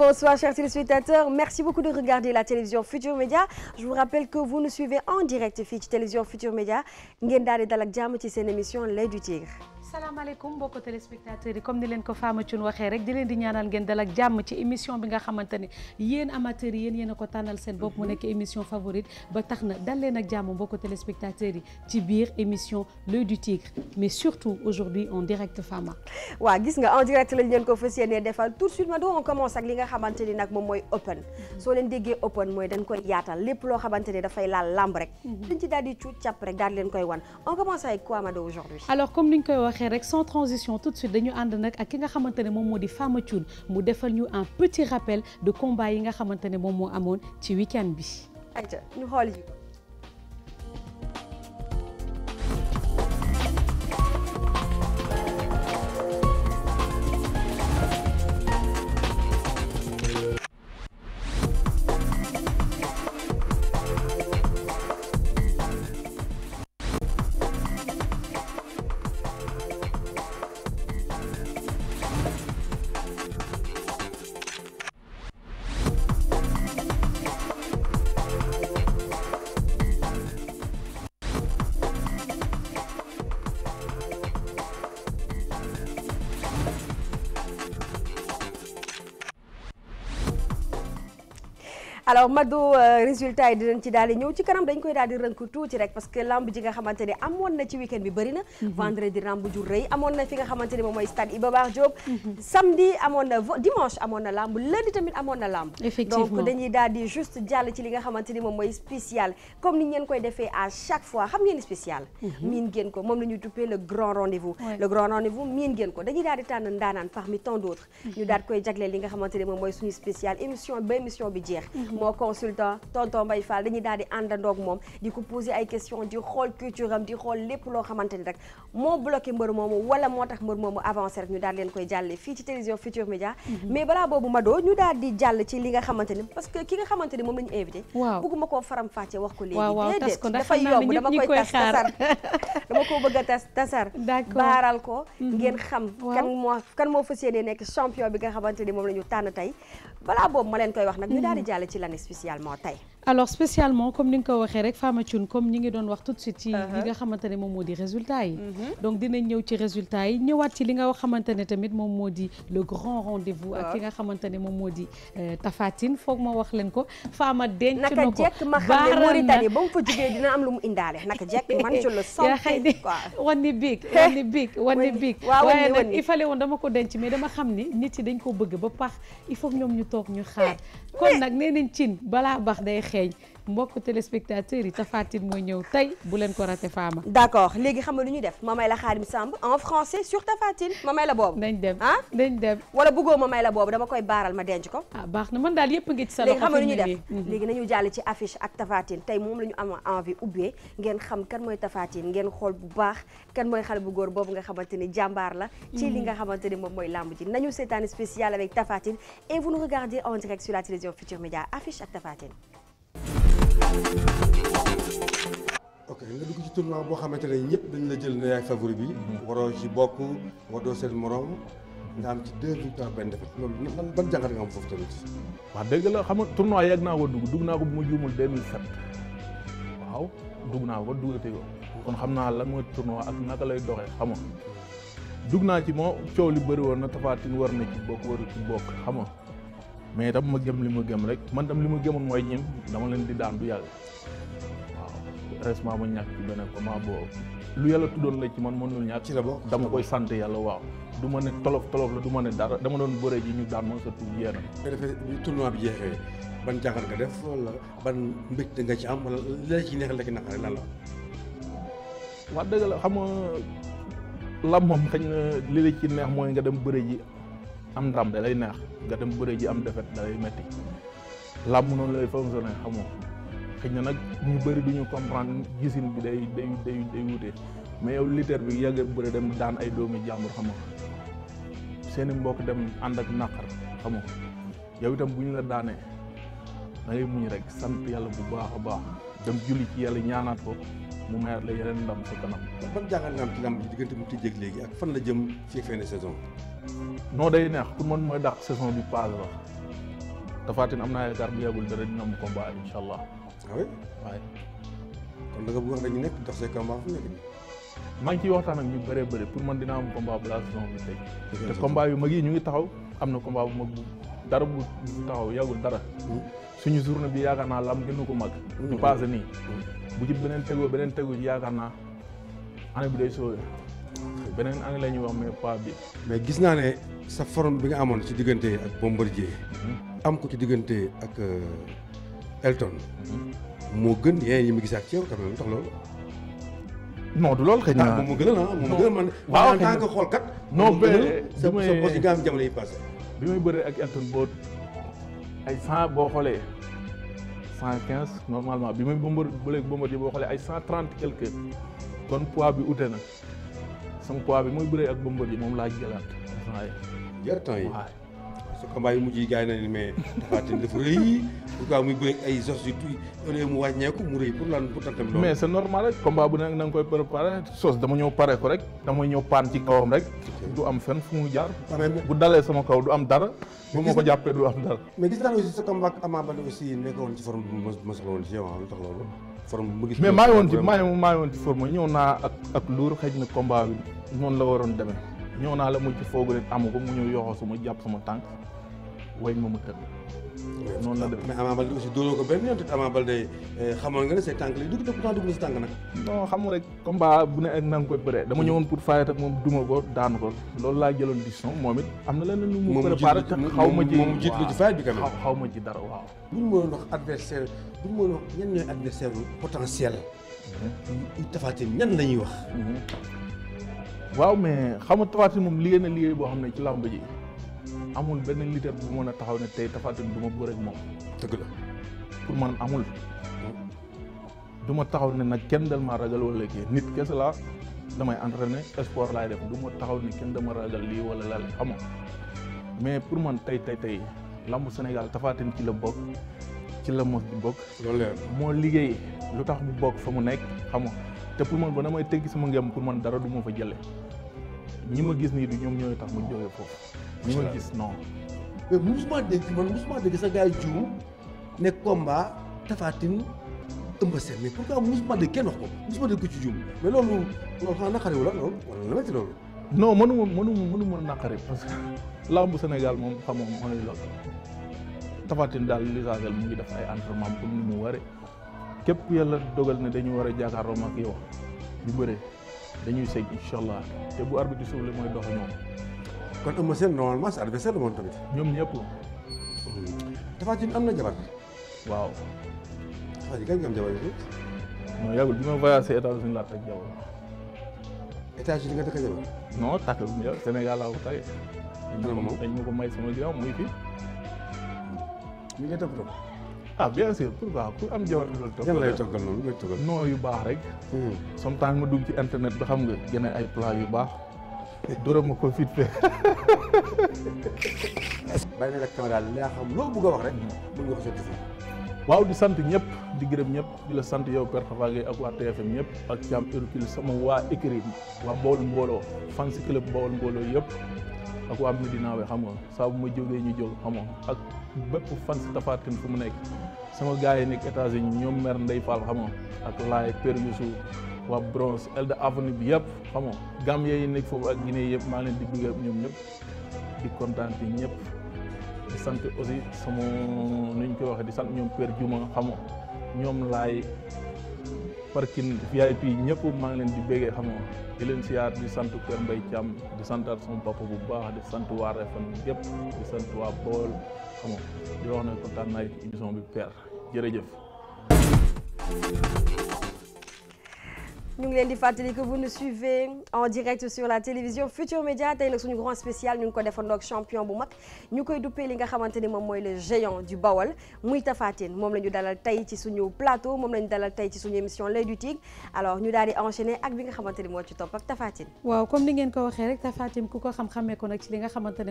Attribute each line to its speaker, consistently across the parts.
Speaker 1: Bonsoir chers téléspectateurs, merci beaucoup de regarder la télévision Futur Média. Je vous rappelle que vous nous suivez en direct fii ci télévision Futur Média ngeen daal di dal ak jàmm ci seen émission L'Oeil du Tigre.
Speaker 2: salaamaaleykum mbokki téléspectateurs yi comme ni leen ko Fama Thioune waxee rek di leen di ñaanal ngeen dal ak jàmm ci émission bi nga xamante ne yéen amateurs yi ko tànnal seen bopp mu mhm. nekk émission favorite ba tax na dal leen ak jàmm mbokki téléspectateurs yi ci biir émission l'œil du tigre mais surtout aujourd'hui en direct Fama.
Speaker 1: waaw gis nga en direct lañ leen ko fas yéenee defal tout de suite Mado on commence ak li nga xamante ni nag moom mooy open mhm. soo leen déggee open mooy dañ koy yaatal lépp loo xamante ni dafay laal lamb rek. Mhm. dañ di cuut càpp rek daal di leen koy wan on commence
Speaker 2: koy waxee waxee rek sans transition tout de suite dañu ànd nag ak ki nga xamante ne moom moo di Fama mu defal ñu un petit rappel de combat yi nga xamante ne moom moo amoon ci week bi. ayca ñu xool yi
Speaker 1: alors Madou euh, résultat yi dinañ ci daal di ñëw ci kanam dañ koy daal di rënk tuuti rek parce que lamb ji nga xamante ne amoon na ci week-end bi bëri na mhm. vendredi lamb ju rëy amoon na fi nga xamante ne moom mooy stade Iba Mar Diop mhm. samedi amoon na dimanche amoon na lamb lundi tamit amoon na lamb donc dañuy daal di juste jàll ci li nga xamante ni moom mooy spécial comme ni ngeen koy defee à chaque fois xam ngeen spécial mhm. miin ngeen ko moom la ñuy tuppee le grand ko dañuy daal di tànn ndaanaan parmi tant d'autres ñu koy jagleel li nga xamante ne moom mooy suñu spécial émission ba émission moo consultant tonton Mbaye Fall dañuy daal di àndandoog moom di ko poser ay question di xool culture am di xool lépp loo xamante ni rek moo bloqué mbër moom wala moo tax mbër moomu avancé rek ñu daal koy jàllee fii ci télévision Futur Média mhm. mais balaa boobu Mado di jàll ci li nga xamante ni parce que ki nga xamante ni moom la ñu invité waaw bëgguma koo faram fàcce wax ko léegi déedéet dafay yomb dama koy tas tasar dama ko bëgg tas tasar baaral ko mhm. ngeen xam kan moo kan moo fas nekk champion bi nga xamante ni moom la ñu tànn tey balaa boobu ma leen koy wax nag année spécialement tey
Speaker 2: alors spécialement comme ni nga ko waxee rek Fama Thioune comme ñi ngi doon wax tout de suite ci uh-huh. li nga xamante ne moom moo di résultat yi mm-hmm. donc dinañ ñëw ci résultat yi ñëwaat ci li nga xamante ne tamit moom moo di le grand rendez-vous ak ki nga xamante ne moom moo di euh, Tafatine foog ma wax leen ko Fama denc na ko naka jekk ma xam ne Mauritanie ba mu fa dina am lu mu indaale naka jekk man ci le yaa xay di wan ni biig waaye nag il fallait woon dama ko denc mais dama xam ni nit yi dañ ko bëgg ba pax il faut ñoom ñu toog ñu xaar kon nag nee nañ cin balaa baax day xeeñ mbokk téléspectateurs yi tafaatin mooy ñëw tey bu leen ko raté faama. d'accord léegi xam nga lu ñuy def ma may la Xaadim Samb en français sur tafatin ma may la boobu.
Speaker 1: Ah? nañ dem wala bëggoo ma may la boobu dama koy baaral ma denc ko. Ah, baax na man daal yëpp ngi ci sa loxo. léegi xam nga lu ñuy def mhm. léegi nañu jàll ci affiche ak tafatin tey moom la ñu am envie ubbee ngeen xam kan mooy tafatin ngeen xool bu baax kan mooy xale bu góor boobu nga xamante ni jàmbaar la. ci li mhm. nga xamante ni moom mooy làmb ji nañu seetaan spécial la télévision Futur Média affiche
Speaker 3: ok nga
Speaker 4: dugg ci tournoi boo xamante ne ñëpp dañ la jël ne yaay favori bi. Mhm. waroo ci bokk nga doo seen moroom
Speaker 5: nga am ci deux victoires benn défaite loolu man ban jàngat nga am foofu tamit. waaw dëgg la xam nga tournoi yegg naa ko dugg dugg naa ko bu ma juumul 2007 waaw dugg naa ko duggate ko kon xam naa lan mooy tournoi ak naka lay doxee xam nga dugg naa ci moo coow li bëri woon na Tapha Tine war na ci bokk waru ci bokk xam mais tam ma gëm li ma gëm rek man tam li ma gëmoon mooy ñim dama leen di daan du yàgg waaw heureusement ma ñàkk ci benn comment boobu lu yàlla tuddoon la ci man mënul ñàkk la bokk dama koy sant yàlla waaw ma ne tolof la ma ne dara dama doon bëre ji ñu daan man sa tur jeex na nga defee tournoi bi jeexee ban jàngat nga def wala ban ci am wala la la ci naqari lan la la xam nga lam moom xëy na li la ci neex mooy nga dem bëre am ndam da lay neex nga dem bëre ji am defet da lay metti làmb noonu lay fonctionné xamoo xëy na nag ñu bëri du ñu comprendre gisin bi day day day wute mais yow litère bi yàgg bëre dem daan ay doomi jàmbur xamoo seeni mbokk dem ànd ak naqar xamoo yow itam bu ñu la daanee da muñ rek sant yàlla bu baax a baax dem julli ci yàlla ñaanaat foofu mu mayaat la yeneen mu si kanam. ban jàngal nga am ci làmb diggante bu tijjeeg léegi ak fan la jëm fii fin de saison. non day neex pour man mooy dàq saison bi passé la Tapha Tine am naa yaakaar bu yàggul dara dina am combat incha allah. waaw ah waaye. kon da nga bëgg wax maa ngi ciy waxtaan ak ñu bëree bëri pour man dina am combat bu la saison bi tey. te combat yu mag yi ñu ngi taxaw am na combat bu mag bu dara bu taxaw yàggul dara. Hmm. suñu journée bi yaakaar naa lam gën na ko mag. ñu passé nii. bu ci beneen tegoo beneen tegu ci yaakaar naa année bi day sóore. beneen année la ñuy wax mais pas bi. mais
Speaker 4: gis naa ne sa forme bi nga amoon ci diggante ak Bombardier. Hmm. am ko diggante ak euh, Elton. Hmm. moo gën yeneen yi ma gis ak ci loolu.
Speaker 3: non
Speaker 5: du mu gën a la
Speaker 4: moom mu gën a man. may sa sa poche yi nga
Speaker 5: am ak Elton boo. ay cent boo xoolee cent quinze normalement bi muy bëmbër ba léegi bëmbër ji boo xoolee ay cent trente quelque kon poids bi ute na sama poids bi mooy bëree ak bëmbër ji moom laa jëlaat. waaye. jar temps yi parce que combat yi mujj yi gars yi na ne mais Tapha Tine dafa
Speaker 4: rëy ay sos yu
Speaker 5: tuy mu
Speaker 4: wàññeeku mu rëy mais c'est normal
Speaker 5: rek combat bu nekk na koy préparé sos dama ñëw pare ko rek dama ñëw paan ci kawam rek du am fenn fu mu jaar bu dalee sama kaw du am dara bu ma ko jàppee du am dara mais gis naa Ama
Speaker 4: Baldé aussi nekkoon ci forme bu ma tax loolu forme bu gis mais maa woon ci maa
Speaker 5: ngi maa ngi woon ci forme ñëw naa ak ak luur xëy na combat bi noonu la waroon demee ñëw naa la mujj foogu rek amu ko mu ñëw yoxoo sama jàpp sama tànk way moom a tëdd. noonu la demee mais Ama Baldé aussi dóoroo ko benn yoon te Ama Baldé eh, xamoon nga ne say tànk lay dugg te pourtant dugg na sa tànk nag. non xam nga rek combat bu ne ak na nga koy pour fayat ak moom duma ko daanu ko loolu laa jëloon décision moom it am na leneen lu mu préparé te xaw bi xaw ma ji dara waaw.
Speaker 4: bu ñu mënoon wax adversaire bu ñu mënoon wax ñan
Speaker 5: ñooy mhm. wax. Mhm. waaw mais xam nga tafaatee moom liggéey na liggéey boo xam ne ci làmb ji amul benn lutteur bu mën a taxaw ne tey Tapha Tine du ma bëre ak moom. dëgg la pour man amul. du ma taxaw ne nag kenn dal ma ragal wala kii nit kese laa damay entraîner sport laay def du ma taxaw ne kenn dama ragal lii wala laa xama mais pour man tey tey tey lambu Sénégal Tapha ci la bokk ci la mos di bokk. moo liggéey lu tax mu bokk fa mu nekk xam te pour man ba damay teggi sama ngem pour man dara duma ma fa jëlee. ñi ma gis nii du ñoom ñooy tax bu ñu jógee foofu. ñi ma gis non. Euh, musuma dégg man musuma dégg sa gars yi jiw
Speaker 4: ne combat Tafatine Eumeu Sène mais pourquoi musuma dégg kenn wax ko musuma dégg ko
Speaker 5: ci jiw mais loolu loolu xanaa naqariwul
Speaker 3: loolu wala
Speaker 5: mënuma mënuma mënuma naqari parce que làmb Sénégal moom xam nga mooy loolu Tafatine daal l'essentiel mu ngi def ay entraînement pour ni mu waree képp ku yàlla dogal ne dañu war a jàkkaarloo ak yow di bëree. dañuy sëy incha allah te bu arbitre bi soufflé mooy dox ñoom. kon Eumeu Sène normalement sa adversaire la moom tamit. ñoom ñëpp. Tapha Tine am na jabar. waaw. Tapha Tine kañ nga am jabar yi. non yàggul bi ma voyagé États-Unis laa teg jabar.
Speaker 4: états nga takk jabar. non takk
Speaker 5: Sénégal laa ko tàggee. dañ ma ko may sama ginnaaw muy fi. mi ngi topp topp. ah bien sûr pourquoi ku am jabar loolu togg yan lay toggal loolu lay toggal non yu baax rek hmm. sometimes ma dugg ci internet bi xam nga gën ay plat yu baax dóoram ma ko fit fe bàyyi na rek caméra li xam loo bëgg a wax waaw di sant ñëpp di gërëm ñëpp la sant yow Père Tapha Gueye ak waa TFM ñëpp ak Thiam Hercule sama waa écrit waa Bawol Mbooloo fan si club Bawol Mbooloo yëpp ak waa Medina we xam nga saa bu ma jógee ñu jóg xam nga ak bépp fan si Tapha fu mu nekk sama gars yi nekk États-Unis ñoom mer Ndey Fall xam nga ak laay permisu waa bronze Elda avenue bi yëpp xam nga Gambie yi nekk foofu ak Guinée yëpp maa leen di bëgg ñoom ñëpp di kontaan ci ñëpp sant aussi sama nuñ koy waxee di sant ñoom Père Juma xam nga ñoom laay parking VIP ñëpp maa ngi leen di béggee xam nga di leen siyaar di sant Kër Mbaye Thiam di santaat sama papa bu baax di sant waa RFM gépp di sant waa Bawol xam nga di wax ne kontaan naa ci émission bi père jërëjëf
Speaker 1: ñu ngi leen di fàttali que vous nous suivez en direct sur la télévision Futur Média tey nag suñu grand spécial ñu ngi ko defandoo ak champion bu mag ñu koy duppee li nga xamante moom mooy le géant du Bawol muy moom la ñu dalal tey ci suñu plateau moom la dalal tey ci suñu émission l'Oeil du Tigre alors ñu daal di moo ci topp ak Tapha
Speaker 2: waxee rek Tapha Tine ku ko xam-xamee ko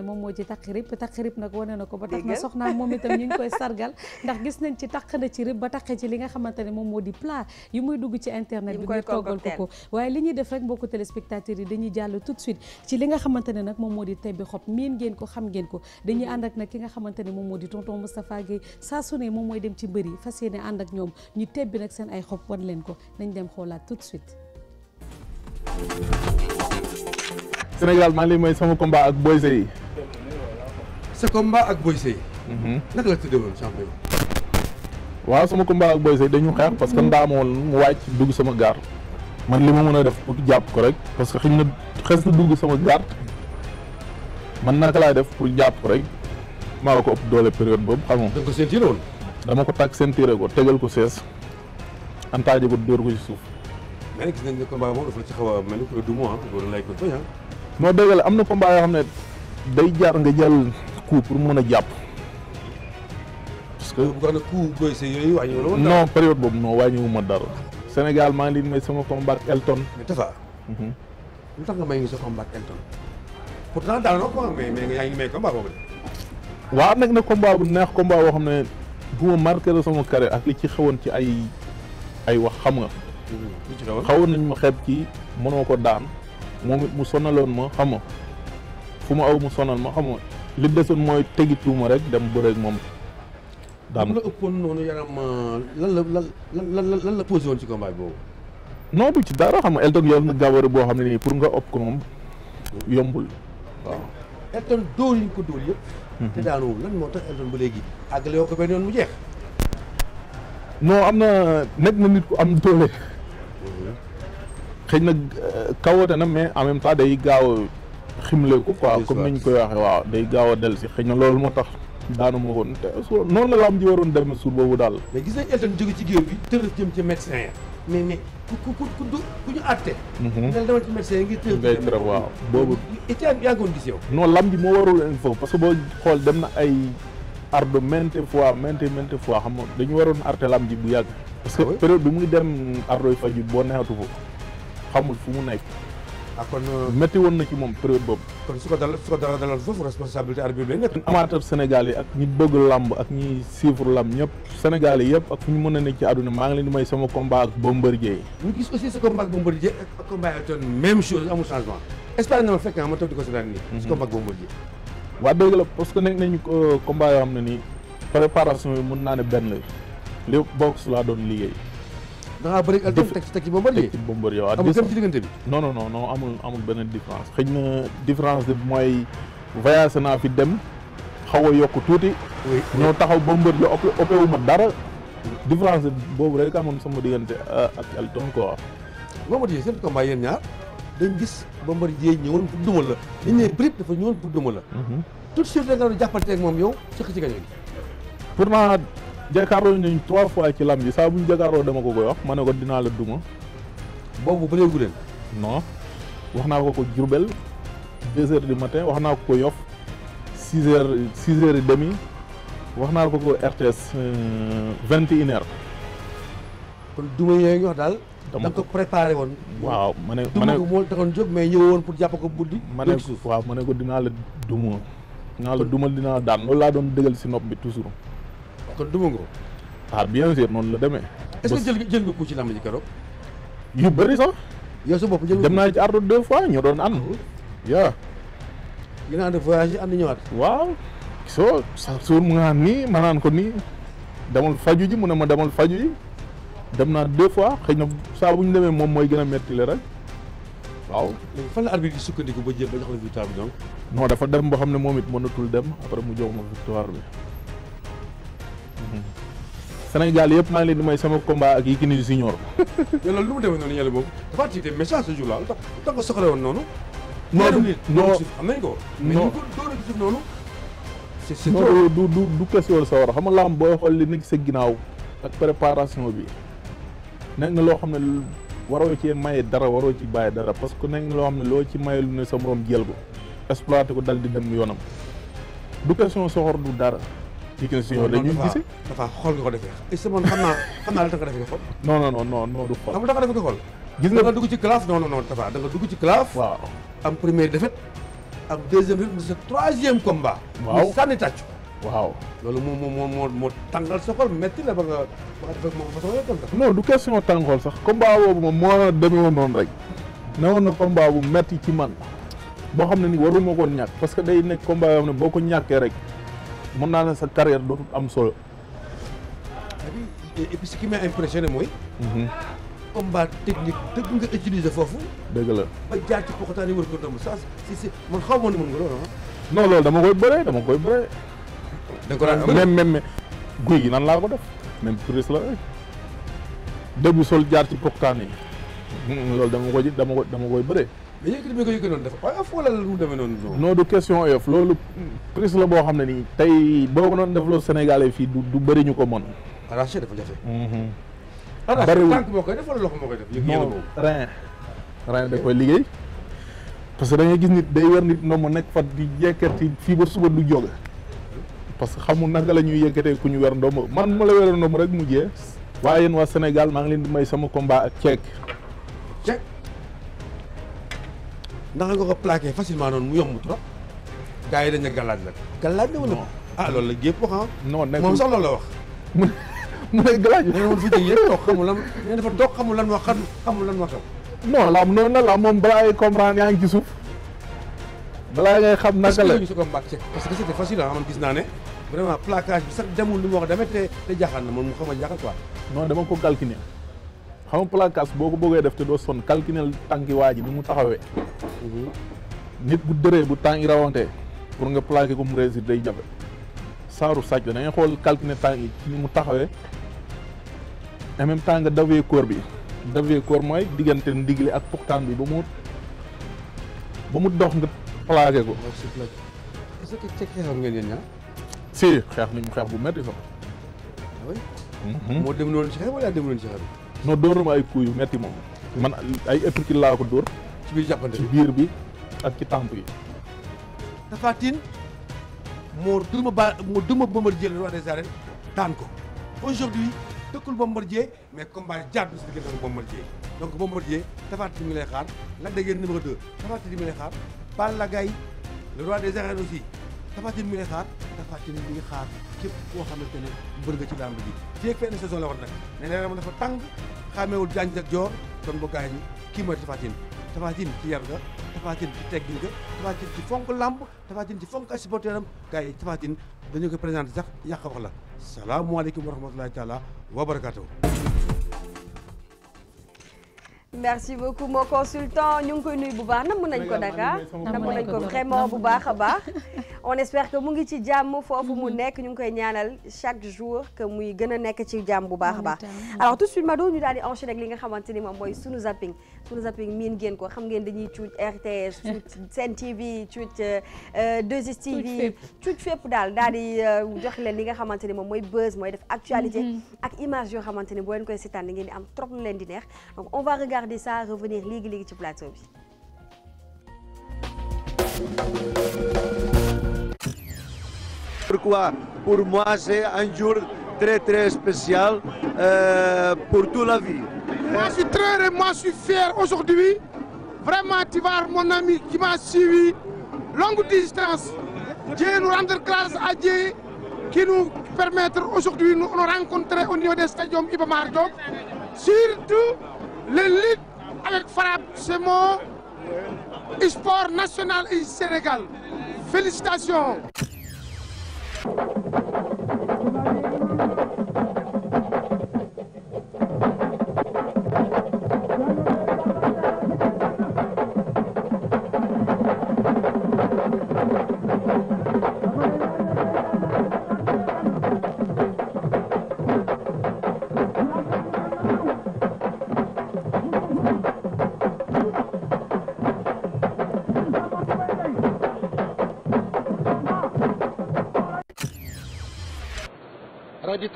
Speaker 2: moom moo ci taq rib taq rib nag wane na ko ba tax na soxnaam moom itam ñu ngi koy sargal ndax gis nañ ci taq na ci rib ba taqee ci li nga xamante ne moom moo di plat yu muy dugg ci internet bi defal ko ko waaye li ñuy def rek mbokku téléspectateurs yi dañuy jàll tout de suite ci li nga xamante ne nag moom moo di tebbi xob miin ngeen ko xam ngeen ko dañuy mhm. ànd ak nag ki nga xamante ne moom moo di tonton Moustapha Guèye saa su ne moom mooy dem ci mbëri fas yéene ànd ak ñoom ñu tebbi nag seen ay xob wan leen ko nañ dem xoolaat tout de suite
Speaker 5: Sénégal maa ngi lay may sama combat ak Boy Seye. sa combat ak Boy Seye. Mhm. naka la tuddee woon champion. ko sama combat ak Boy Seye dañu xeex parce mhm. sama gaar man li ma mën a def pour jàpp ko rek parce que xëy na xes na dugg sama gaar man naka laay def pour jàpp ko rek maa ko doole période boobu xam nga. da ko sentir woon. dama ko tàkk sentir ko tegal ko sees antaaje ko dóor ko ci suuf.
Speaker 4: mais gis nañ ne combat moom dafa ci xaw a mel ni du mois ah, loolu lay ko bañ
Speaker 5: moo ah. dëgg la am na combat yoo xam ne day jaar nga jël coup pour mën a jàpp. parce que bu ko
Speaker 4: waxee coup booy sa yooyu
Speaker 5: période boobu non wàññiwuma dara. Sénégal maa lii leen may ko combat ak Elton. mais Tafa. Mhm. lu tax nga may ñu sa combat ak Elton. pourtant ko
Speaker 4: mais mais yaa
Speaker 5: na combat bu neex combat xam ne bu ma marqué la sama carré ak li ci xewoon ci ay ay wax xam nga. Mhm. li ci xewoon xawoon nañ ma xeeb ki mënoo ko daan moom it mu sonaloon ma xam nga fu ma aw mu sonal ma xam nga li desoon mooy tegi tuuma rek dem bëreeg moom. daan la ëppoon noonu yaram ah, lan la lan la lan la posé woon ci combat boobu. non bu ci dara xam nga Elton yor na gawar boo xam ne nii pour nga ëpp ko moom yombul waaw.
Speaker 4: Elton dóor yi ñu ko dóor yëpp. Mhm. te daanu lan moo tax Elton ba léegi àggale yoo ko benn yoon mu jeex.
Speaker 5: non am na nekk na nit ku am doole. Mhm. xëy na euh, kawoote na mais en même temps day gaaw a ximle ko quoi comme niñ koy waxee waaw day gaaw a dellu si xëy na loolu moo tax. daanu ma woon te noonu la laam ji waroon demee suur boobu daal. mais gis nañ Elton jóge ci géew bi. tërëf jëm ci médecin ya nii mais ku ku ku du ku ñu àtte. Mhm. nga
Speaker 4: demal ci médecin ngir tërëf. ngay
Speaker 5: tërëf waaw boobu.
Speaker 4: Étienne yaa ngi woon gis yow.
Speaker 5: non moo warul leen foofu parce que boo xool dem na ay ardo maintes fois maintes maintes fois xam nga dañu waroon arte laam ji bu yàgg. parce que ah période bi muy dem ardo yi faju boo neexatu fa xamul fu mu nekk. ah kon euh, métti na ci moom période boobu. kon su ko dal su ko dara dalal foofu responsabilité arbitre bi nga. amateur Sénégal yi ak ñi bëgg làmb ak ñi suivre làmb ñëpp. Sénégal yi yëpp ak fu ñu mën a nekk ci àdduna maa ngi leen di may sama combat ak Bombardier. ñu gis aussi sa combat ak Bombardier ak combat Elton na ma fekk ko si daan nii. si mhm. combat ak Bombardier. waa dëgg la parce que nekk nañu euh, combat yoo xam ne nii préparation yi mën naa ne benn lépp su laa doon liggéey. da ngaa bëri Elton teg teg ci Bombardier. teg ci Bombardier waaw amul kenn ci diggante bi. non non amul amul différence xëy na différence bi mooy voyage naa fi dem xaw a yokk tuuti. ñoo taxaw Bombardier ope wu ma dara. différence boobu rek amoon sama diggante euh, ak Elton quoi. Bombardier seen combat yéen ñaar dañ gis Bombardier ñëwoon pour duma la dañ ne brib dafa ñëwoon pour duma la. Mhm. tout de suite da nga doon jàppante ak moom yow ci ci gañe pour pourtant. jakaaroo nañ trois fois ci lam ji saa bu ñu jakaaroo dama ko koy wax ma ne ko dinaa la duma boobu bëreegu leen non wax naa ko ko Diourbel deux heures du wax naa ko ko Yoff six heures six demi wax naa ko ko RTS euh, vingt et une heures kon duma yooyu daal dama ko préparé woon waaw ma ne ma ne moo taxoon jóg mais ñëw woon pour jàpp ko buddi ma ne waaw ma ne ko dinaa la duma dinaa la dumal dinaa la daan loolu laa doon dëgal si nopp bi toujours kon duma nga ko. ah bien sûr noonu la demee. est-ce que jël jël nga ci làmb ji keroog. yu bari sax. yow sa bopp jël dem naa ci ardo deux fois ñoo doon ànd. Oh. yaa. yéen a ànd voyage ànd ñëwaat. waaw. soo sa suur mu nga nii ma naan ko nii demal faju ji mu ne ma demal faju ji dem naa deux fois xëy na saa bu ñu demee moom mooy gën a mettile rek. waaw léegi fan la arbitre bi sukkandiku ba jël ba jox la victoire bi donc. non dafa dem boo xam ne moom it mënatul dem après mu jox moom victoire bi. Sénégal yëpp maa ngi leen di may sama combat ak Yékini Junior. mais loolu lu mu demee noonu yàlla boobu
Speaker 4: dafa at yéete message ce jour-là tax tax ko soxla woon noonu. non non am nañ ko. mais ñu ko doon ci noonu.
Speaker 5: c' est c' xam nga laam booy xool li nekk sa ginnaaw ak préparation bi nekk na loo xam ne waroo cee maye dara waroo ci bàyyi dara parce que nekk na loo xam ne loo ci maye lu ne sa morom jël ko exploité ko dal di dem yoonam du question soxor du dara. Yékini Senior dañuy gisee dafa xool nga ko defee est-ce que man xam naa xam naa la tax nga defee ko xool non non non non non du xool xam nga tax nga defee ko xool gis nga da nga
Speaker 4: dugg ci classe non non non dafa da nga dugg ci classe waaw am première défaite am deuxième défaite mu sa troisième combat waaw sànni tàccu waaw loolu moo moo moo moo tàngal sa xol métti la ba nga ba nga defee moom façon yokkal nga non
Speaker 5: du question tàngool sax combat boobu moom moo demewoon noonu rek ne woon na combat bu métti ci man boo xam ne ni waruma koon ñàkk parce que day nekk combat yoo xam ne boo ko ñàkkee rek mën naa ne sa carrière dootul am solo. et puis ce qui m'a impressionné mooy. Mhm.
Speaker 4: combat technique dëgg nga
Speaker 5: utiliser foofu. dëgg la
Speaker 4: ba jaar ci man xaw ma ne mën nga loolu ah.
Speaker 5: non loolu dama koy bëree dama koy bëree. da ko daan même guy gi nan laa ko def même prise la rek. Eh. début sol jaar ci poxotaan yi. Hmm, loolu dama koy dama dama koy bëree. mais yëkkati bi ko yëkkati noonu dafa oyof wala lu mu demee noonu. question oyof loolu prise la boo xam ne nii tey boo ko noonu def loolu Sénégalais fii du du bëri ñu ko mën.
Speaker 4: arraché dafa jafe.
Speaker 5: Mhm. bëriwul arraché tànk
Speaker 4: moo koy def wala loxo moo koy def.
Speaker 5: rein rein da koy liggéey. parce que da gis nit day wér nit ndoom mu nekk fa di yëkkati fii ba suba du jóg. parce que xamul nag la ñuy yëkkatee ku ñu wer ndoom man ma la wéroon ndoom rek mujjee. waaye yéen waa Sénégal maa ngi leen di may sama combat ak ceek. ndax nga ko plaqué facilement noonu mu yomb trop
Speaker 4: gars yi dañ a galaaj la galaaj la wala ah loolu la gépp wax ah la wax
Speaker 5: mu ne galaaj nee na woon fi yëpp xamul lan nee dafa xamul lan wax xamul lan la noonu la la moom balaa ay comprendre yaa ngi ci suuf balaa xam naka la
Speaker 4: su que ah, gis naa ne vraiment plaquage bi sax demul li mu wax demee te te jaaxal
Speaker 5: na mu xam a jaaxal quoi non dama ko calculer xam nga placage boo ko bëggee def te doo sonn calculer tànki waa ji ni mu taxawee. Mhm. nit bu dëree bu temps yi pour nga plaqué ko mu réussir day jafe. saaru sàcc da ngay xool calculer temps yi ci ni mu taxawee en même temps nga dawee koor bi dawee koor mooy diggante ndigli ak puxtaan bi ba mu ba mu dox nga plaqué ko. est-ce que ceeb xeexam ngeen si xeex nañu xeex bu métti sax. Ah mhm. moo dem ci xeex wala non dóor ma ay coups yu metti moom man ay uppercut laa ko dóor ci biir jàppante ci biir bi ak ci tàmp yi
Speaker 3: Tapha
Speaker 4: Tine moo duma ba moo duma Bombardier le roi des arènes daan ko aujourd'hui dëkkul Bombardier mais combat jaadu si diggante ak Bombardier donc Bombardier Tapha Tine mi lay xaar Lac de Guiers numéro 2 Tapha Tine mi lay xaar Balla Gaye le roi des arènes aussi Taphatine mi ngi xaar Taphatine mi ngi xaar képp koo xamante ne mbër nga ci làmb ji fii ak fenn saison la war nag nee na dafa tàng xàmmeewul jàng ak joor kon bu gaañ ñi kii mooy Taphatine Taphatine ci yar ga Taphatine ci teggin ga Taphatine ci fonk làmb Taphatine ci fonk ay supporter am gars yi Taphatine dañu ko présenté sax yàq wax la salaamaaleykum wa rahmatulahi taala wa barakaatu
Speaker 1: merci beaucoup moo consultant ñu ngi koy nuyu bu baax namm nañ ko Dakar namm nañ ko vraiment bu baax a baax on espère que mu ngi ci jàmm foofu mu mhm. nekk ñu ngi koy ñaanal chaque jour que muy gën a nekk ci jàmm bu baax a baax alors tout ma suite ñu daal di enchaîner ak li nga xamante ni moom mooy sunu zapping sunu zapping miin ngeen ko xam ngeen dañuy cuuc RTS cuuc Sen TV cuuc 2STV cuuc fépp daal daal di euh, jox leen li nga xamante ne moom mooy buzz mooy def actualité mhm. ak image yoo xamante ne boo leen koy seetaan da ngeen di am trop lu leen di neex donc on va regarder ça revenir léegi léegi ci plateau bi
Speaker 4: Pourquoi? Pour un jour très très
Speaker 6: spécial euh, pour toute la vie. Moi suis très moi aujourd'hui. Vraiment Tivar mon ami qui m'a suivi longue distance. Dieu nous rendre grâce à Dieu qui nous permettre aujourd'hui nous rencontrer au niveau des stadiums Iba Surtout le lutte avec frappe c'est mon sport national et Sénégal. Félicitations.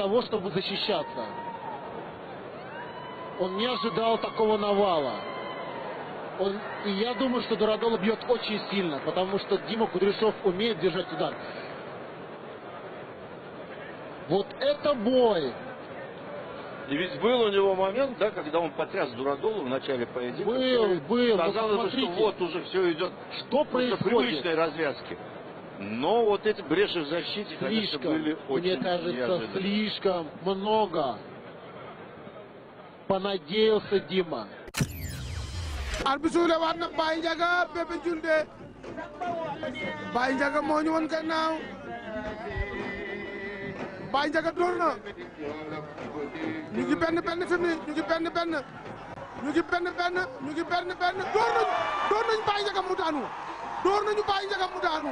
Speaker 6: того, чтобы защищаться. Он не ожидал такого навала. Он, и я думаю, что Дурадол бьет очень сильно, потому что Дима Кудряшов умеет держать удар. Вот это бой!
Speaker 7: И ведь был у него момент, да, когда он потряс Дурадолу в начале поединка. Был, был. Казалось, ну, что вот уже все идет что происходит? привычной развязки. Но вот эти бреши в защите, слишком, конечно, были очень Мне кажется, неожиданны.
Speaker 6: слишком много. Понадеялся Дима. Арбисуля варна Байнджага, Пепе Джунде. Байнджага Монюан Канау. Байнджага Дурна. ñu ngi benn benn fi mu ñu ngi benn benn ñu ngi benn benn ñu ngi benn benn door nañu door nañu bàyyi njëgam mu daanu door nañu bàyyi njëgam mu daanu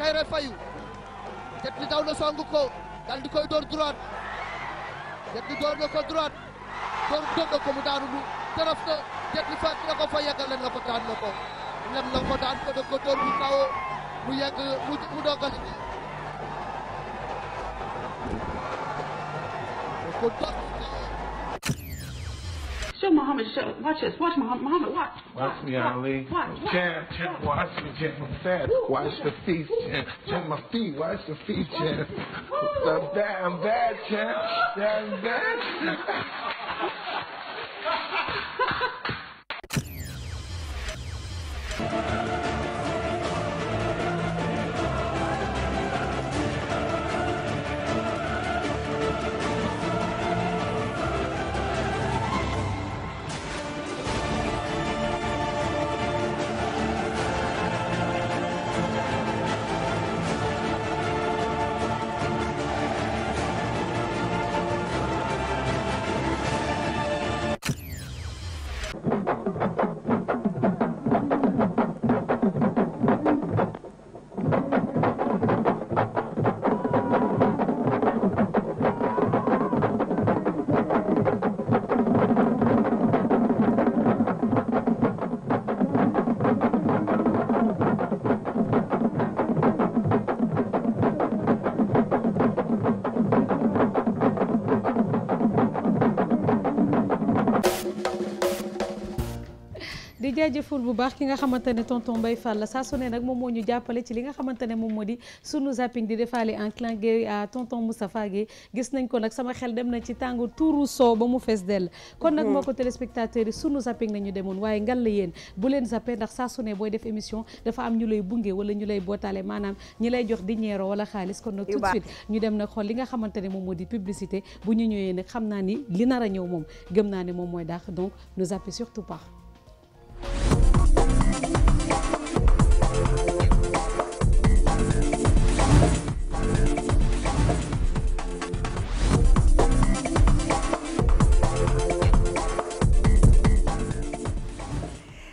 Speaker 6: Kairé Faye Jet Li daw na songu ko dal di koy door droite Jet Li door na ko droite door door ko mu daanu mu tërëf na Jet Li fàtt na ko fa yegg lem na ko daan na ko ko daan ko da ko door mu kawoo mu mu dogal
Speaker 2: ko dox Muhammad show. Watch this. Watch Ali. Watch,
Speaker 3: watch, Jan, Jan, watch me, Jan. Watch the feet, Jan. Jan, my feet. Watch the feet, Jan. I'm bad. I'm
Speaker 2: jaajëful bu baax ki nga xamante ne tonton bay Fall la saa su nag moom moo ñu jàppale ci li nga xamante ne moom moo di sunu zapping di defaale en clin d'œil à tonton Moustapha gis nañ ko nag sama xel dem na ci tàngu tuuru soo ba mu fees dell kon nag moo hmm. ko téléspectateurs yi sunu zapping nañu demoon waaye ngal la yéen bu leen zappé ndax saa su booy def émission dafa ñu lay bunge wala ñu lay bootaale maanaam ñi lay jox di wala xaalis kon nag tout ñu dem nag xool li nga xamante ne moom moo di publicité bu ñu ñëwee nag xam naa ni li nar a ñëw moom gëm naa ne moom mooy daax donc ne zappez surtout pas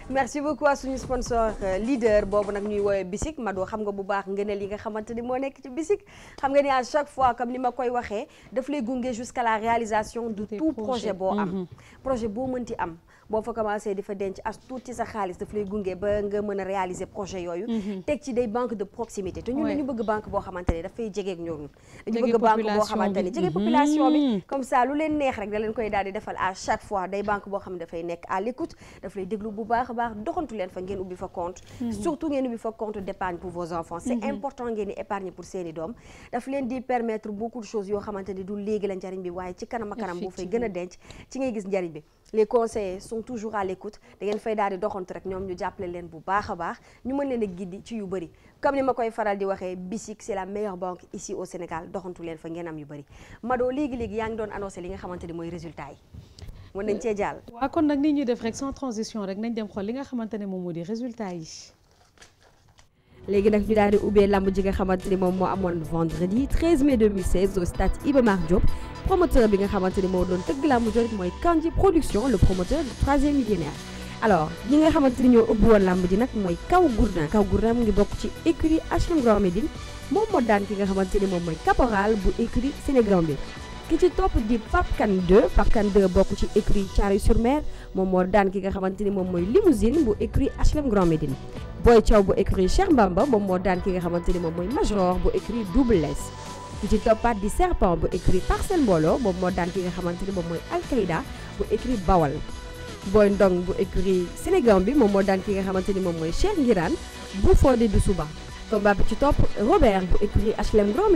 Speaker 1: merci beaucoup à suñu sponsor euh, leader boobu nag ñuy woowee bisik Mado xam nga bu baax ngëneel yi nga xamante ni moo nekk ci bisik xam nga ni à chaque fois comme ni ma koy waxee daf lay gunge jusqu'à la réalisation de tout projet boo am mm-hmm. projet boo mënti am boo fa commencé di fa denc as tuuti sa xaalis daf lay gunge ba nga mën a réaliser projet yooyu mhm. teg ci day banque de proximité te ñun dañu bëgg banque boo xamante ne dafay jegeeg ñoom
Speaker 3: dañu bëgg banque boo xamante ne jege mhm. population bi
Speaker 1: comme ça lu leen neex rek da leen koy daal di defal à chaque fois day banque boo xam ne dafay nekk à l'écoute daf lay déglu bu baax baax doxantu leen fa ngeen ubbi fa compte mhm. surtout ngeen ubbi fa compte d'épargne pour vos enfants c'est important ngeen di épargner pour seeni di permettre beaucoup de yoo xamante ne du léegi la njariñ bi waaye ci kanam a boo fay a denc ci ngay gis njariñ bi les conseil sont toujours à l'écoute da ngeen fay daal di doxantu rek ñoom ñu jàppale leen bu baax a baax ñu mën leen a gindi ci yu bëri comme ni ma koy faral di waxee BICIC c'est la meilleure banque ici au Sénégal doxantu leen fa ngeen am yu bëri Mado léegi-léegi yaa ngi doon annoncé li nga xamante ni mooy résultat yi mën nañ cee jàll
Speaker 2: waaw kon nag ni ñuy def rek sans transition rek nañ dem xool li nga xamante ne moom moo di résultat yi léegi nag ñu daal di
Speaker 1: ubbee lamb ji nga xamante ni moom moo amoon vendredi 13 mai 2016 au stade Iba Mar promoteur bi nga xamante ni moo doon tëgg lamb jooju mooy Kandji production le promoteur du troisième millénaire. alors ñi nga xamante ni ñoo ubbi woon làmb ji nag mooy Kaw Gourdin Kaw Gourdin mu ngi bokk ci écurie HLM Grand Médine moom moo daan ki nga xamante ni moom mooy caporal bu écurie Sénégal bi ki ci topp di Pape Kane 2 Pape Kane 2 bokk ci écurie Thiaroye sur Mer. moom moo daan ki nga xamante ni moom mooy limousine bu écurie HLM Grand Médine Boy Thiaw bu écurie Cheikh moom moo daan ki nga xamante ni moom mooy Major bu écurie Double Less ki ci toppaat di serpent bu écurie Parcelles Mbooloo moom moo daan ki nga xamante ni moom mooy Alkaïda bu écurie Bawal Boy Ndong bu écurie Sénégal bi moom moo daan ki nga xamante ni moom mooy Cheikh Ngiraan bu Fodé du Suba combat bi ci topp Robert bu écurie HLM Grand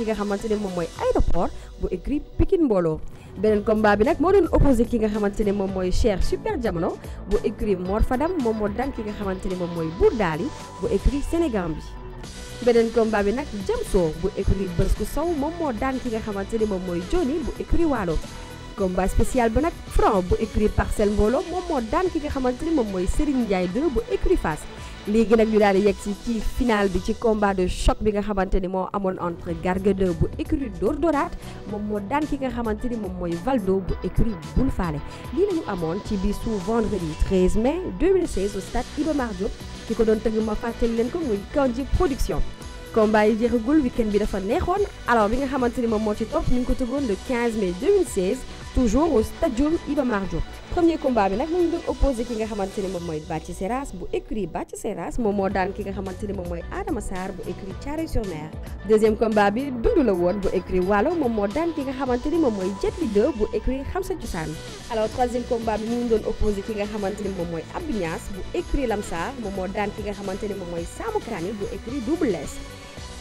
Speaker 1: nga xamante ni moom mooy aéroport bu écurie Pikine Mbooloo beneen combat bi nag moo doon opposé ki nga xamante ne moom mooy Cheikh Super Jamono bu écrit Mor Fadam moom moo daan ki nga xamante ne moom mooy Bour Dali bu écrit Sénégal bi beneen combat bi nag Jamso bu écrit Bërsku Sow moom moo daan ki nga xamante ne moom mooy Joni bu écrit Waalo combat spécial bi nag Franc bu écrit Parcelle Mbooloo moom moo daan ki nga xamante ne moom mooy Serigne Ndiaye 2 bu écrit Fass léegi nag ñu daal di yegg si ci finale bi ci combat de choc bi nga xamante ni moo amoon entre Garga 2 bu écurie Dóor moom moo daan ki nga xamante ni moom mooy Valdo bu écurie Boul Falé lii la ñu amoon ci bisu vendredi 13 mai 2016 au stade Iba Mar ki ko doon tëgg ma fàttali leen ko muy Kandji production. combat yi jeexagul week bi dafa neexoon alors bi nga xamante ni moom moo ci topp ñu ngi ko tëggoon le 15 mai 2016. toujours au stadium Iba Mar Diop premier combat bi nag mu ngi doon opposé ki nga xamante ni moom mooy Bathie Seras bu écurie Bathie Seras moom moo daan ki nga xamante ni moom mooy Adama Sarr bu écurie Thiaroye-sur-Mer deuxième combat bi dundu la woon bu écurie Walo moom moo daan ki nga xamante ni mooy Jet Li 2 bu écurie Xam Sa Cosaan alors troisième combat bi mu ngi doon opposé ki nga xamante ni moom mooy Abdou bu écurie Lamsar moom moo daan ki nga xamante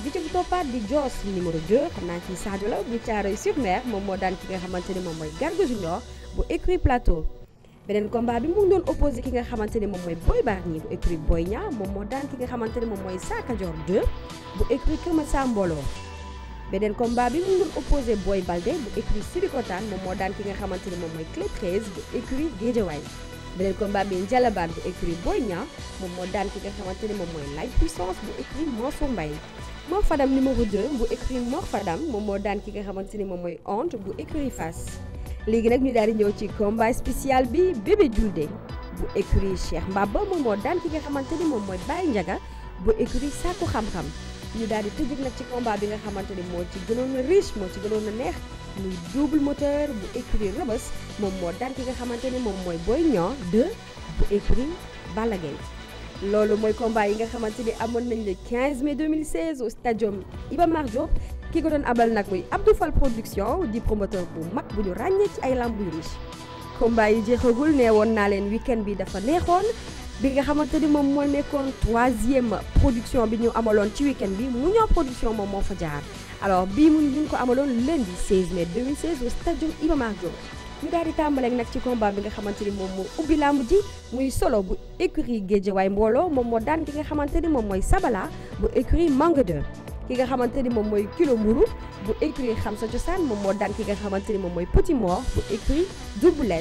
Speaker 1: bi ci bu toppaat di Joos numéro 2 xam la bu moom moo daan ki xamante ni moom mooy Garga Junior bu écurie Plateau. beneen combat bi mu ngi doon opposé ki nga xamante ni moom mooy Boy Bargny bu écurie Boy moom moo daan ki nga xamante moom mooy Sa Cadior 2 bu écurie Keur Massar Mboloo beneen combat bi mu ngi doon opposé Boy moom moo daan ki nga xamante ni moom mooy Clé 13 bu écurie Guédiawaye beneen combat bi Njalabaan bu écurie Boy Niang moom moo daan ki nga xamante moom mooy Laye Puissance bu écurie Mansour mbay Mor Fadam numéro 2 bu écurie Mor Fadam moom moo daan ki nga xamante ni moom mooy honte bu écurie Fass léegi nag ñu daal di ñëw ci combat spécial bi bébé Diouldé bu écurie Cheikh Mbaba moom moo daan ki nga xamante ni moom mooy Baye Ndiaga bu écurie Sakku Xam-Xam ñu daal di tëjëg nag ci combat bi nga xamante ni moo ci gënoon moo ci gënoon a neex muy double moteur bu moom moo daan ki nga xamante ni moom mooy Boy Niang 2 bu écurie Balla loolu mooy combat yi nga xamante ni amoon nañ le 15 mai 2016 au stadium Iba Mar Diop ki ko doon abal nag muy Abdou Fall production di promoteur bu mag bu ñu ràññee ci ay lamb yu riche. combat yi jeexagul ne woon naa leen week-end bi dafa neexoon bi nga xamante ni moom moo nekkoon troisième production bi ñu amaloon ci week bi mu ñoo production moom moo fa jaar alors bii mu ñu ko amaloon lundi 16 mai 2016 au stadium Iba Mar ñu daal di tàmbaleeg nag ci combat bi nga xamante ni moom moo ubbi làmb ji muy solo bu écurie Géejawaay mbooloo moom moo daan ki nga xamante ni moom mooy Sabala bu écurie ki nga xamante ni moom mooy kilo mburu bu écurie xam sa cosaan moom moo daan ki nga xamante ni moom mooy petit mort bu écurie Double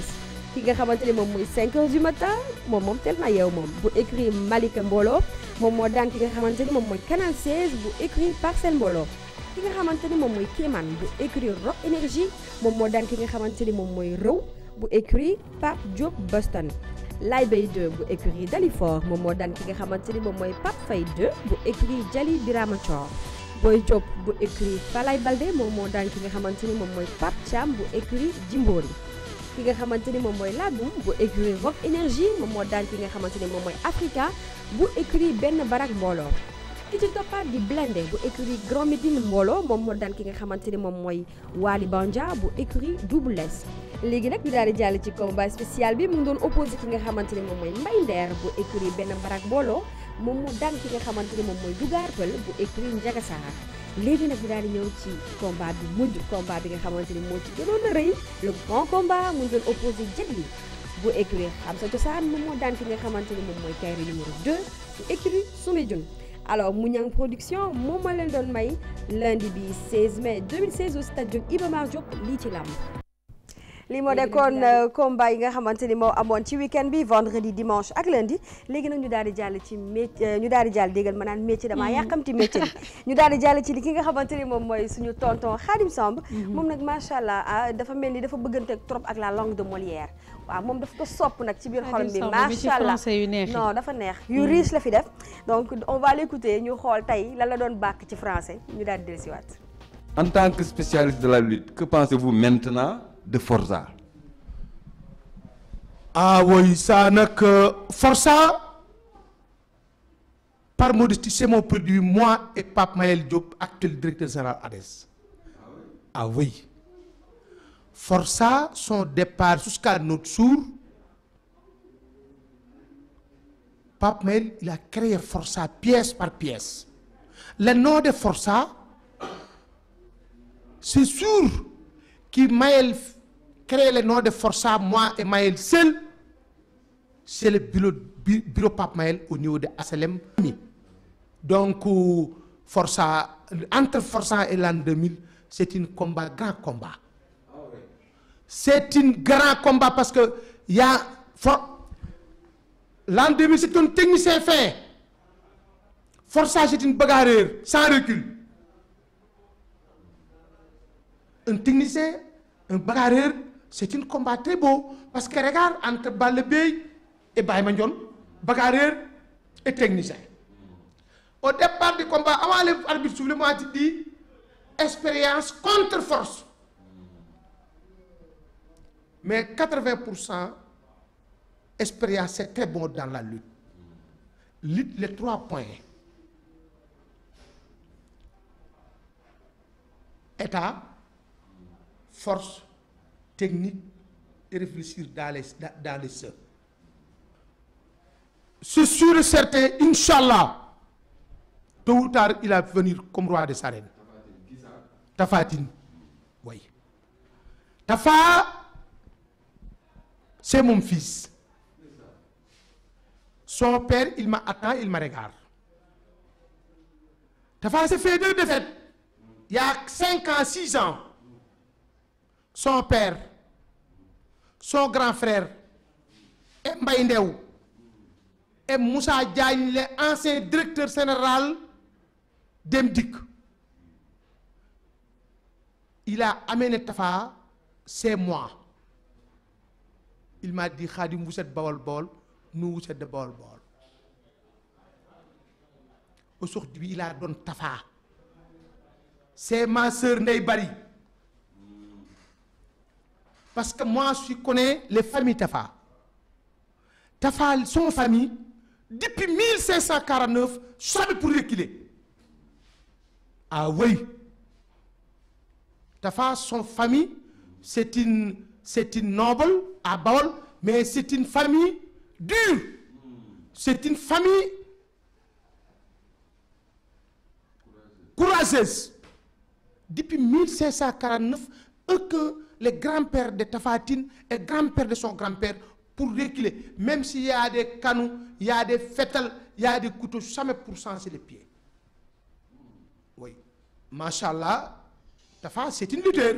Speaker 1: ki nga xamante ni moom mooy cinq heures du matin moom moom tel na yow moom bu écurie Malika mbooloo moom moo daan ki nga xamante ni moom mooy canal 16 bu écurie Parcelles mbooloo ki nga xamante ni moom mooy Kéemaan bu écurie Rock Énergie moom moo daan ki nga xamante ni moom mooy Rëw bu écurie Pape Diop Boston. Laye Bay 2 bu écurie Dalifor moom moo daan ki nga xamante ni moom mooy Pape Faye 2 bu écurie Jali Birama Thior. Boy Diop bu écurie Falay Balde moom moo daan ki nga xamante ni moom mooy Pape Thiam bu écurie Jimbori. ki nga xamante ni moom mooy Ladoum bu écurie Rock Énergie moom moo daan ki nga xamante ni moom mooy Africa bu écurie benn barak mbooloo. ki ci toppaat di Blindé bu écurie Grand Médine Mbolo moom moo daan ki nga xamante ni moom mooy Wali Banja bu écurie Double nag ñu daal di jàll ci combat spécial bi mu doon opposé ki nga xamante ni moom mooy Mbay Ndeer bu écurie benn barak Mbolo moom moo daan ki xamante ni moom mooy Dugaar Pël bu écurie Njaga Saar léegi bi nga xamante ni moo ci gënoon a rëy le grand combat mu ngi doon opposé jët yi bu écurie Xam Sa Cosaan moom daan ki nga xamante ni moom mooy Kayre numéro 2 bu écurie Soumbédioune alors Mouniang production moom ma leen doon may lundi bi 16 mai 2016 au stade Iba Mar Diop lii ci làmb lii moo nekkoon euh, combat yi nga xamante ni moo amoon ci weekend bi vendredi dimanche ak lundi léegi nag ñu daal di jàll ci métier euh, ñu daal di jàll déggal ma naan métier damaa mhm. yàqamti métier bi ñu daal di jàll ci li ki nga xamante ni moom mooy suñu tonton Khadim Samb mhm. moom nag macha allah ah, dafa mel ni dafa bëggante trop ak la langue de Molière waa moom dafa ko sopp nag ci biir xolam bi macha allah non dafa neex yu riche la fi def donc on va l'écouter ñu xool tey la la doon bàkk ci français ñu daal di dellusiwaat
Speaker 4: en tant que spécialiste de la lutte que pensez-vous maintenant de Forza
Speaker 6: ah oui ça nag euh, Forza par modestie c'est produit moi et Pape Mayel Diop actuel directeur général ADES ah ah força son départ jusqu'à notre jour Pape Maël il a créé força pièce par pièce le nom de força c'est sûr que Maël crée le nom de força mois et Maël seul c'est le bureau bureau Pape Maël au niveau de ASLM donc euh, força entre força et l'an 2000 c'est un combat grand combat c'est un grand combat parce que y a for l'an 2000 c'est un technicien fin forçage c'est une bagarreur sans recul un technicien un combat très beau parce que regarde entre Balla Beye et Baye Mandione bagarreur et technicien au départ du combat avant l'arbitre souffle moo ci di expérience contre force mais quatre-vingts pour cent expérience c'est très bon dans la lutte lutte les trois points état force technique et réfléchir dans les dans les seuls c'est sûr et certain inchallah tôt ou tard il va venir comme roi des arènes Tapha Tine oui c'est mon fils son père il m'attend il me regarde Tapha Tine fait deux défaites il y six ans son père son grand frère et Mbaye Ndew et Moussa Diagne l'ancien directeur général Dem Dikk il a amené Tapha chez moi il m'a dit Khadim vous êtes Bawol Bawol nous vous êtes de Bawol Bawol aujourd'hui il a doon Tafa c'est ma sœur Bari parce que moi je connais les familles Tafa Tafa son famille depuis 1549 jamais pour reculer ah oui Tafa famille c'est une c'est une noble à Bawol mais c'est une famille dure c'est une famille courageuse depuis 1549 eux que les de Tafatine et grand-père de son grand-père pour reculer même s'il y a des canons il y a pour changer les pieds oui machallah Tafa c'est une leader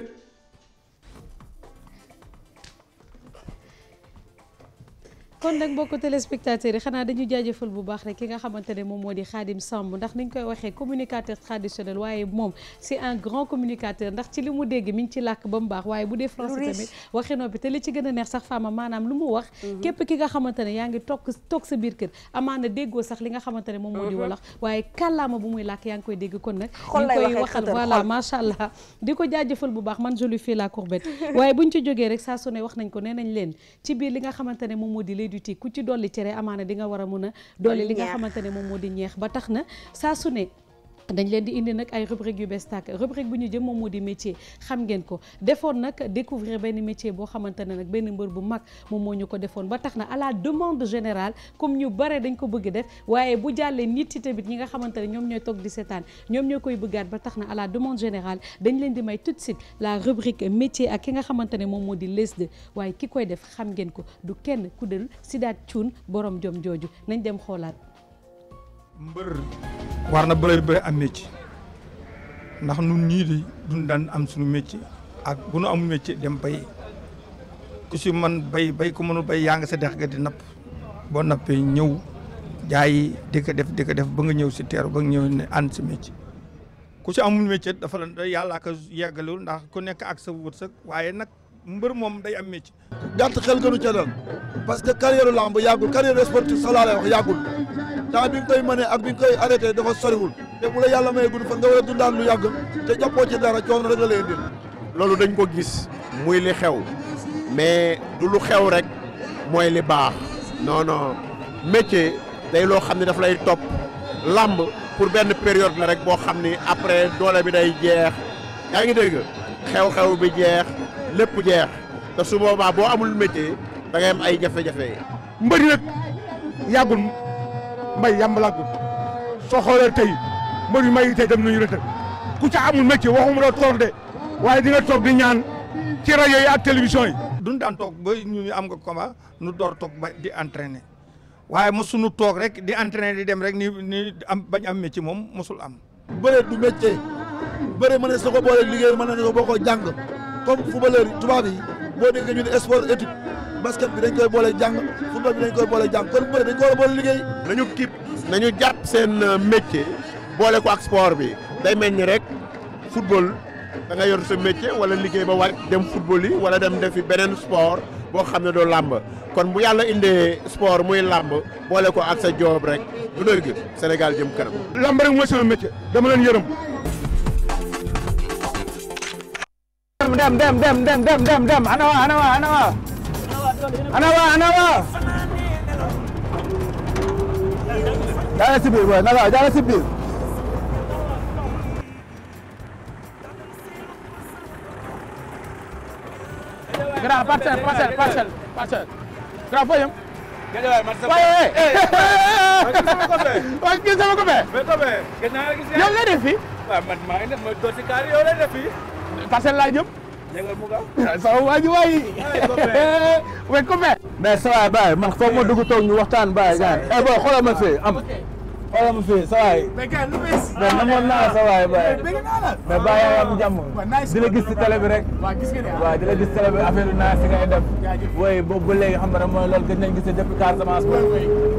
Speaker 2: kon nag mbokk téléspectateurs yi xanaa dañu jaajëfal bu baax rek ki nga xamante ne moom moo di Khadim Samb ndax niñ koy waxee communicateur traditionnel waaye moom c'est un grand communicateur ndax ci li mu dégg mi ngi ci làkk ba mu baax waaye bu dee français tamit waxi noppi te li ci gën a neex sax maanaam lu mu wax mhm. képp ki nga xamante ne yaa ngi toog toog biir kër amaana déggoo sax li nga xamante ne moom moo di mhm. wolof waaye kàllaama bu muy làkk yaa ngi koy dégg kon nag ñu koy waxal voilà macha allah di ko jaajëfal bu baax man je lui fais la courbette waaye buñ ci jógee rek saa su wax nañ ko nee nañ leen ci biir li nga xamante ne moom moo di du ku ci dolli cere amaana di nga war a mun a dolli li nga xamante ne moom moo di ñeex ba tax na saa su ne dañ leen di indi nag ay rubrique yu bees tàkk rubrique bu ñu jëm moom moo di métier xam ngeen ko defoon nag découvrir benn métier boo xamante ne nag benn mbër bu mag moom moo ñu ko defoon ba tax na à la demande générale comme ñu bare dañ ko bëgg def waaye bu jàllee nit yi tamit ñi nga xamante ne ñoom ñooy toog di seetaan ñoom ñoo koy bëggaat ba tax na à la demande générale dañ leen di may tout de suite la rubrique métier ak ki nga xamante ne moom moo di les de waaye ki koy def xam ngeen ko du kenn ku dul Sidaat Thioune borom jom jooju nañ dem xoolaat
Speaker 4: mbër war na bëre bëre am métier ndax nun ñii di duñ daan am suñu métier ak bu nu amul métier dem bay ku si man bay bay ku mënul bay yaa nga sa dex ga di napp boo nappee ñëw jaayi di ko def di def ba nga ñëw si teeru ba nga ñëw ne ànd si métier ku si amul métier dafa la yàlla ko yeggalul ndax ku nekk ak sa wërsëg waaye nag mbër moom day am métier. gàtt xel gënu ca dal parce que carrière yàggul
Speaker 6: carrière sportive sax wax yàggul. temps bi nga koy mënee ak bi nga koy arrêté dafa soriwul te bu la yàlla may gudd fan nga war a dundaan lu yàgg te jàppoo ci dara coono rek la lay loolu dañ ko gis muy li xew mais du lu xew rek mooy li baax non non métier day loo xam ne daf lay topp làmb pour benn période la rek boo xam ni après doole bi day jeex yaa ngi dégg xew-xew bi jeex lépp jeex te su boobaa boo amul métier da ngay am ay jafe-jafe mbëri nag yàggul. mbay yàmbalaat ko soo xoolee tey mbër yu mag yi tey dem nañu retraite ku ca amul métier waxuma la toog de waaye di nga toog di ñaan
Speaker 4: ci rajo yi ak télévision yi. duñ daan toog ba ñu am nga nu door toog ba di entraîner waaye mosuñu toog rek di entraîner di dem rek ni ni bañ am métier moom mosul am.
Speaker 6: bëre du métier bëre mën na sa ko boole liggéey mën na ko boo ko jàng comme footballeur tubaab boo déggee ñu ne sport étude. basket bi dañ koy boole jàng football bi dañ koy boole jàng kon bëri dañ ko war a boole liggéey. nañu kib nañu jàpp seen euh, métier boole ko ak sport bi day mel ni rek football da nga yor sa métier wala liggéey ba wàcc dem football yi wala dem defi beneen sport boo xam ne doo làmb kon bu yàlla indee sport muy làmb boole ko ak sa joob rek du dëgg Sénégal jëm kanam. làmb rek mooy sama métier dama leen yërëm. dem dem
Speaker 3: anawa anawa
Speaker 5: jaara si biir booy naka jaara si biir
Speaker 6: grand parcelle parcelle parcelle parcelle grand fooyam waaye waaye kii sama ko fee yow lay def fii
Speaker 4: waaw man maa ngi def mooy dooti kaar yow lay def fii parcelle laa jëm jëngal mu gaaw
Speaker 6: eh, sama waa ji waay way copain mais sa waay baay man foog ma toog ñu
Speaker 5: waxtaan baay gaan eh booy xoolal ma fee am xoolal ma fee sa waay
Speaker 6: mais gaan lu bees mais namoon
Speaker 5: naa la baay mais baay am jàmm di la gis ci télé bi rek
Speaker 3: waaw ah. di
Speaker 5: la gis télé bi affaire naa si ngay def way boobu ba léegi xam nga mooy loolu gën nañ gis depuis Casamance ba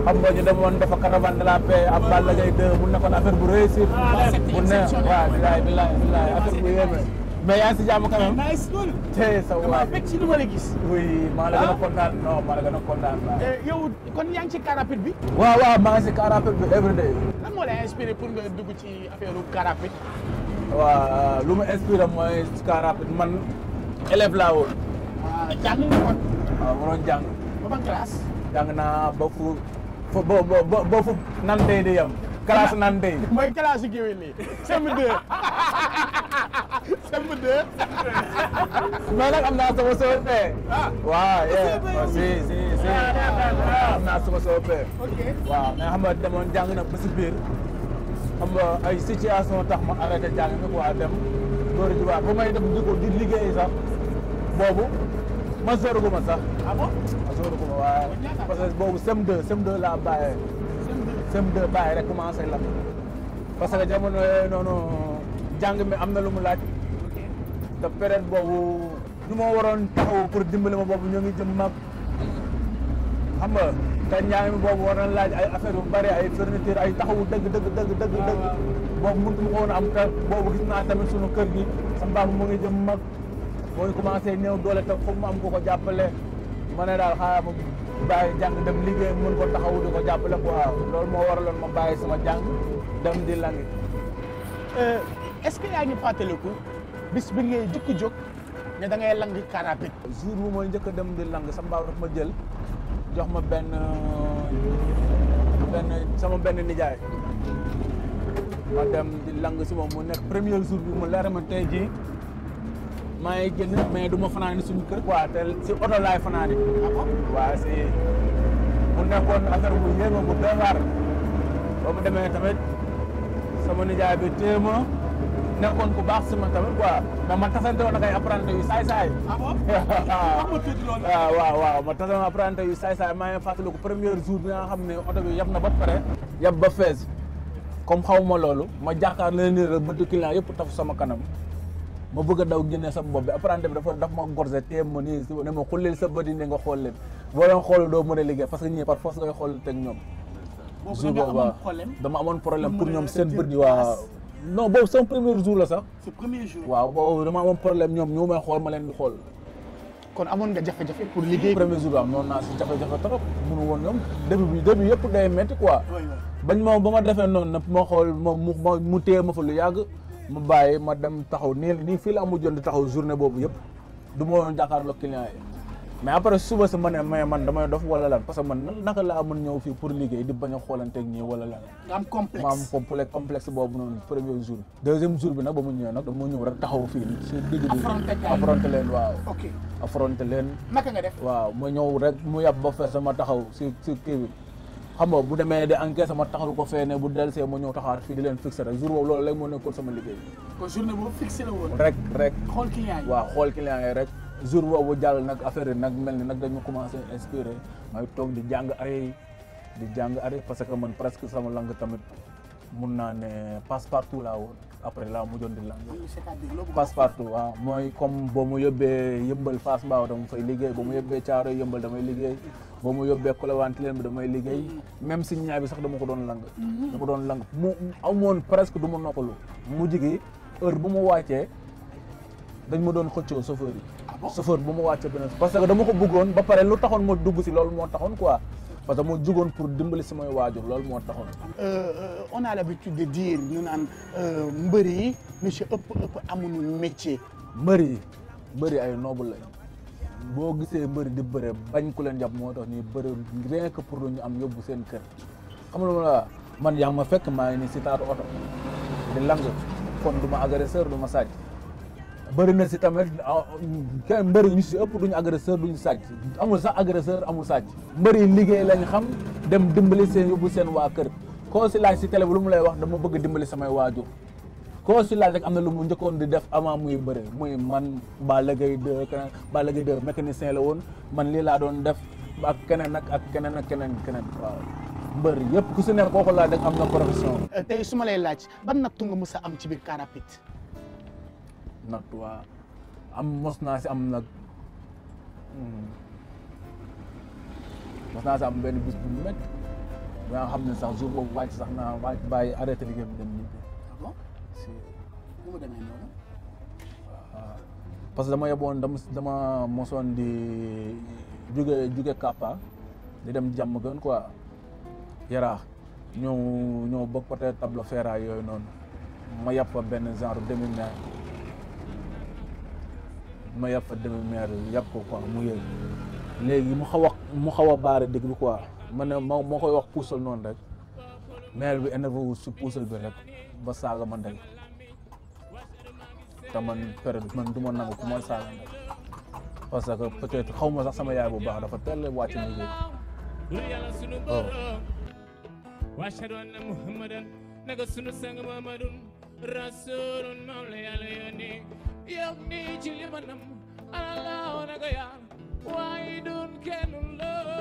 Speaker 5: xam nga ñu demoon dafa caravane de la paix ak Balla Gaye 2 mu nekkoon bu réussir bu ah, ne waaw bilaay bilaay bilaay bu yéeme mais yaa ngi si jàmm quand même. naa si gis. oui maa la gën a ah? maa la gën a
Speaker 6: eh, kon yaa ngi ci bi. waaw waaw maa ngi
Speaker 5: si bi every day.
Speaker 6: lan moo lay inspiré pour nga dugg ci affaire car rapide.
Speaker 5: waaw lu ma mooy car rapide man élève laa woon.
Speaker 6: waaw ah, jàng nga
Speaker 5: kon. ba fu nan tey di yem. classe naan
Speaker 6: mooy classe géwél yi CM2. cm am
Speaker 5: naa sama soo pee. Ah. waaw si si si am naa sama soo pee. waaw mais xam nga demoon jàng na ba si biir xam nga ay tax ma arrêté jàng nga quoi dem góor ji waaw ba may def di ko di liggéey sax boobu ma sóoru sax. ah bon ma que boobu CM2 laa bàyyee. CM2 bàyyi rek commencé la parce que jamono yooyu noonu jàng mi am na lu mu laaj te période boobu ñu ma waroon taxaw pour dimbali ma boobu ñoo ngi jëm mag xam nga te njàng mi boobu war na laaj ay affaire yu bari ay fourniture ay taxawu dëgg dëgg dëgg dëgg dëgg boobu mënut ma ko woon am ta boobu gis naa tamit sunu kër gi sama baab mu ngi jëm mag boo ñu commencé néew doole te foog mu am ko ko jàppale ma ne daal xaaral ma bàyyi jàng dem liggéey mun ko taxawu di ko jàppale waaw loolu moo waraloon ma bàyyi sama jàng dem di langi
Speaker 6: euh, est-ce que yaa ngi fàttaliku bis bi ngay jëkk jóg ne da ngay lang karapit jour bu mooy njëkk dem di lang sa mbaaw daf ma jël jox ma benn
Speaker 5: sama benn nijaay ma dem di lang si moom mu nekk premier jour bi mu leer ma tey jii maa ngi génn mais du ma fanaane suñu kër quoi te si oto laay fanaane ah waaw si mu nekkoon affaire bu ma bu doy ba mu demee tamit sama nijaay bi téye ma nekkoon ku baax si man tamit quoi mais man tasante woon ak ay apprenti yu saay saay ah ah, waaw waaw waaw ma tasante apprenti yu saay saay maa ngi fàttaliku premier jour bi nga xam ne oto bi yab na ba pare yab ba fees comme xaw ma loolu ma jàkkaar leen ni rek bëtt client yëpp tafu sama kanam ma bëgg a daw génne sama bopp bi apprenti bi dafa daf ma gorgé téem ma nii ne ma xullil sa bët yi ne nga xool leen boo leen xool doo mën a liggéey pour waaw boobu dama problème ñoom ñu may xool ma leen di xool kon amoon nga jafe pour liggéey premier jour bi am noonu naa si jafe-jafe trop mënu woon ñoom début bi yëpp day métti quoi bañ ma ba ma defee noonu na ma xool ma mu téye ma fa lu yàgg mu bàyyi ma dem taxaw nii nii fii la amu jënd taxaw journée boobu yëpp du ma woon jàkkaarloo client yi mais après suba si ma ne mais man damay dof wala lan parce que man naka laa mën ñëw fii pour liggéey di bañ a xoolanteeg ñii wala lan. nga am complexe ma am complexe boobu noonu premier jour bi. jour bi nag ba mu ñëwee nag dama ñëw rek taxaw fii nii. si digg bi affronté leen waaw. ok affronté leen. naka nga def waaw ma ñëw rek mu yàb ba fees ma taxaw si si kii bi. xam nga bu demee de enquête sama taxaru ko fee ne bu delsee ma ñëw taxaar fii di leen fixé rek jour boobu loolu rek moo nekkoon sama liggéey. kon journée boobu fixé rek rek xool client yi waaw xool client yi rek. jour boobu jàll nag affaire yi nag mel ni nag dañu commencé inspiré may toog di jàng arrêt di jàng arrêt parce que man presque sama langue tamit mun naa ne passe partout laa woon. après laa mujjoon di làmb passe partout waaw ah, mooy comme boo mu yóbbee yëmbal Fass Mbao dama fay liggéey boo mu yóbbee caaro yëmbal damay liggéey boo mu yóbbee Colobane leen bi damay liggéey mm-hmm. même si ñaay bi sax dama ko doon lang mm-hmm. dama doon lang mu amoon presque du ma noppalu mu jigi heure bu mu wàccee dañ ma doon xëccoo chauffeur yi ah chauffeur bu mu wàccee beneen parce que dama ko bëggoon ba pare lu taxoon ma dugg si loolu moo taxoon quoi parce que moo jugoon
Speaker 6: pour dimbali samay waajur loolu moo taxoon. Euh, euh, on a l'habitude de dire ñu naan euh, mbër yi monsieur ëpp ëpp am nu mbër yi mbër ay noble
Speaker 5: lañ boo gisee mbër di bëre bañ ku leen jàpp moo tax nii bëre rien que pour ñu am yóbbu seen kër xam nga la man yaa ma fekk maa ngi nii si taatu oto di lang kon du ma agresseur du ma sàcc. bëri na si tamit ah, kenn mbëri ñu si ëpp duñu agresseur duñu sàcc amul sax agresseur amul sàcc yi liggéey lañ xam dem dimbali seen yóbbu seen waa kër koo si laaj si télé bi lu mu lay wax dama bëgg dimbali samay waajur koo si laaj rek am na lu mu njëkkoon di def avant muy bëri muy man Balla Gaye 2 keneen Balla Gaye la woon man lii laa doon def ak keneen ak ak keneen ak keneen keneen waaw mbër yëpp ku si ne kooku laaj rek am na profession.
Speaker 6: tey su ma lay laaj ban nattu ci biir car
Speaker 5: nattuwaa am mos naa si am nag hmm. mos naa si am benn bis bu métti ba nga xam ne sax jour boobu wàcc sax naa wàcc bàyyi arrêté liggéey bi dem ñibbi. Ah d'accord parce que dama yeboon dama mosoon di jóge jóge Kapa di dem jàmm gën quoi yaraax ñëw ñëw bokk peut-être tableau yooyu noonu ma yàpp fa benn genre demi-mer. ma yàpp fa demi-mêre yàpp ko quoi mu yëy léegi mu xaw a mu xaw a baare dëgg bi quoi ma ne moo koy wax puusal noonu rek maire bi énervé wu si puusal bi rek ba saaga ma ndey te man période man du ma nangu ku ma saaga parce que peut-être xaw ma sax sama yaay bu baax dafa teel a wàcc mu yëy
Speaker 6: waaw. واشهد ان yagni jilimanam ala onagoya waidun kenullo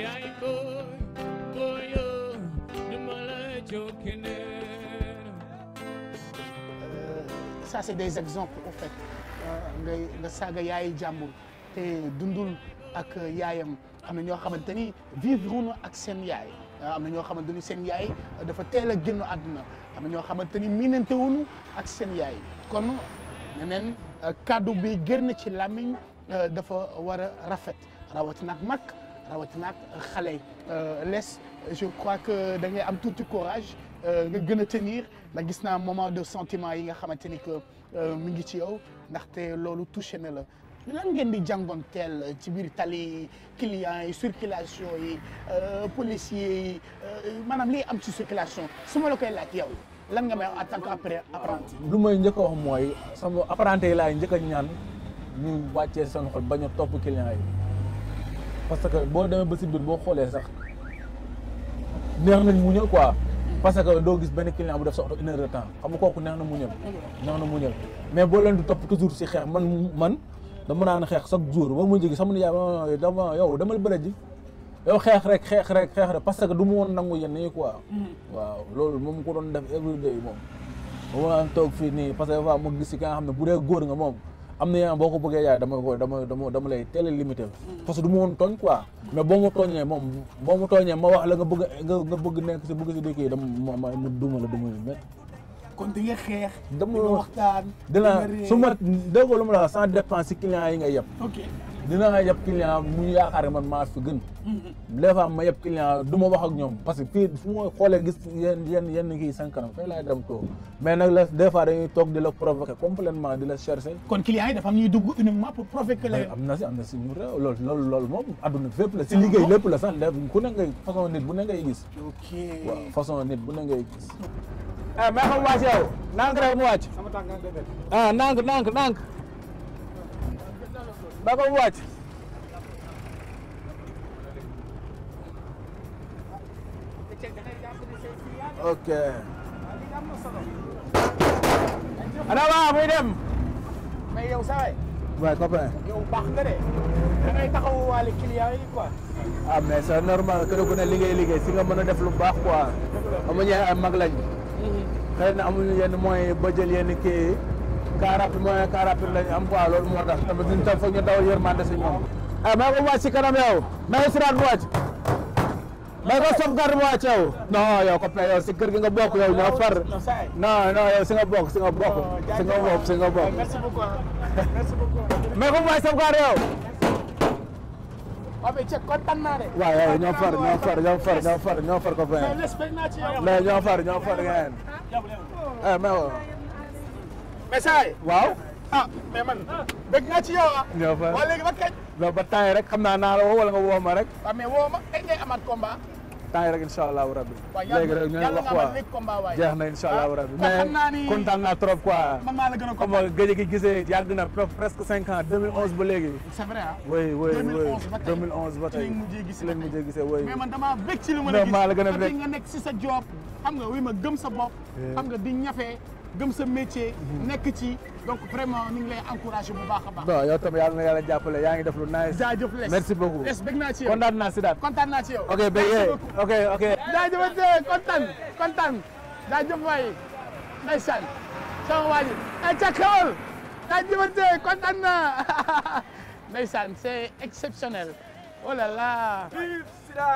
Speaker 6: Yaay boy boyo dama la jokkine ça c'est des exemples au fait euh, nga nga saaga jàmbur te dundul ak yaayam am na ñoo xamante ni vivre ak seen yaay euh, am na ñoo xamante ni seen yaay dafa teel a génn àdduna am na ñoo xamante ni miinante wuñu ak seen yaay kon neneen euh, kàddu bi génn ci làmmiñ dafa war a rafet rawatina ak mag rawatina ak xale les je crois que da ngay am tuuti courage Euh, nga gën a tenir ndax gis naa moment de sentiment yi nga xamante ni que euh, mi ngi ci yow ndaxte loolu touché na la lan ngeen di jàngoon teel ci biir tali clients yi circulation yi euh, policiers yi maanaam lii am ci circulation su ma la koy laaj yow lan nga may en tant qu'apprenti.
Speaker 5: lu may njëkk wax mooy sama apprenti yi laay njëkk a ñaan ñu wàcce seen xol bañ a topp clients yi parce que boo demee ba si biir boo xoolee sax neex nañ mu ñëw quoi. parce que doo gis benn client bu def sa oto une heure de temps xam nga kooku neex na mu ñëw na mu ñëw mais boo leen topp toujours si xeex man man dama naan xeex chaque jour ba mu jigi sama nijaay dama yow dama la bëre xeex rek xeex rek xeex rek parce que du mu woon nangu yenn yi quoi mm-hmm. waaw loolu moom ko doon def every day moom ba mu naan toog fii nii parce que des fois ma gis si nga xam ne bu dee góor nga moom am na yeneen boo ko bëggee yaay dama ko dama dama dama lay teel a limité parce que du ma woon tooñ quoi mais boo ma tooñee moom boo ma tooñee ma wax la nga bëgg nga bëgg nekk si bëgg si dëkk dama duma la duma yu métti di nga xeex dama waxtaan dina su ma déggoo lu ma la wax sans dépense si client yi nga yeb dina nga yab client mu yaakaar man maa fi gën. Mm-hmm. des fois ma yab client du ma wax ak ñoom parce que fii fu ma gis yenn yenn yenn kii seen kanam fay laay dem toog mais nag la des fois toog di la provoquer complètement di la chercher.
Speaker 6: kon client yi dafa am ñuy dugg uniquement pour provoquer la. am na si am na si
Speaker 5: loolu moom adduna fépp la si liggéey lépp la sax def ku ne ngay façon nit bu ne ngay gis. façon nit bu ne ngay gis. ah mais xam wàcc yow. nànk rek mu wàcc. sama tànk nànk ah ba ko wàcc ok ana waa muy dem mais yow sawe waay copain
Speaker 6: yow baax nga de da ngay taxawu yi quoi
Speaker 5: ah mais c'est normal que ku ne liggéey liggéey si nga mën a def lu baax quoi amuñu ay mag lañ mhm. xëy na amuñu yenn moyens ba yenn kii car rapide mooy car rapide lañu am quoi loolu moo tam foog ñu dawal yërmande si si eh, kanam yow. maa ngi si raadu wàcc. maa si kër gi nga bokk yow ñoo far. non non yow si nga bokk si nga bokk. si nga bokk si nga bokk.
Speaker 6: merci beaucoup merci beaucoup. maa ko wàcc sauvegarde yow. waaw mais ceeb kontaan naa de. waaw waaw ñoo far ñoo ngeen. mais waaw ah man bëgg naa ci yow ah. ñoo fa ba kañ. loolu ba rek xam naa
Speaker 5: naa la woo wala nga woo ma rek.
Speaker 6: waaw ah, mais woo ma kañ ngay amaat combat.
Speaker 5: temps rek incha allahu rabi. léegi rek ñu wax waaw jeex na incha allahu ah, rabi. mais kontaan naa trop quoi.
Speaker 6: man maa la gën a kontaan
Speaker 5: comme gisee yàgg na presque cinq ans 2011 ba léegi. c'est vrai ah. oui oui oui 2011 ba tey ci lañ mujjee gisee oui. mais
Speaker 6: man damaa maa la gën a bëgg nga nekk si sa job. xam nga wuy ma gëm sa bop eh. xam nga di ñafe gëm sa métier. nekk ci donc vraiment ñu ngi lay encouragé bu baax a baax. bon
Speaker 5: yow tam yàlla na yàlla jàppale yaa ngi def lu nice. jaajëf les merci beaucoup les bëgg
Speaker 6: naa ci yow kontaan naa si daal. kontaan naa ci yow ok bëgg yee eh, ok ok. jaajëfate kontaan kontaan jaajëf waay ndeysaan sama waa ji ay ca kawal jaajëfate kontaan naa ndeysaan c'est exceptionnel oh là là.
Speaker 3: vive Sida.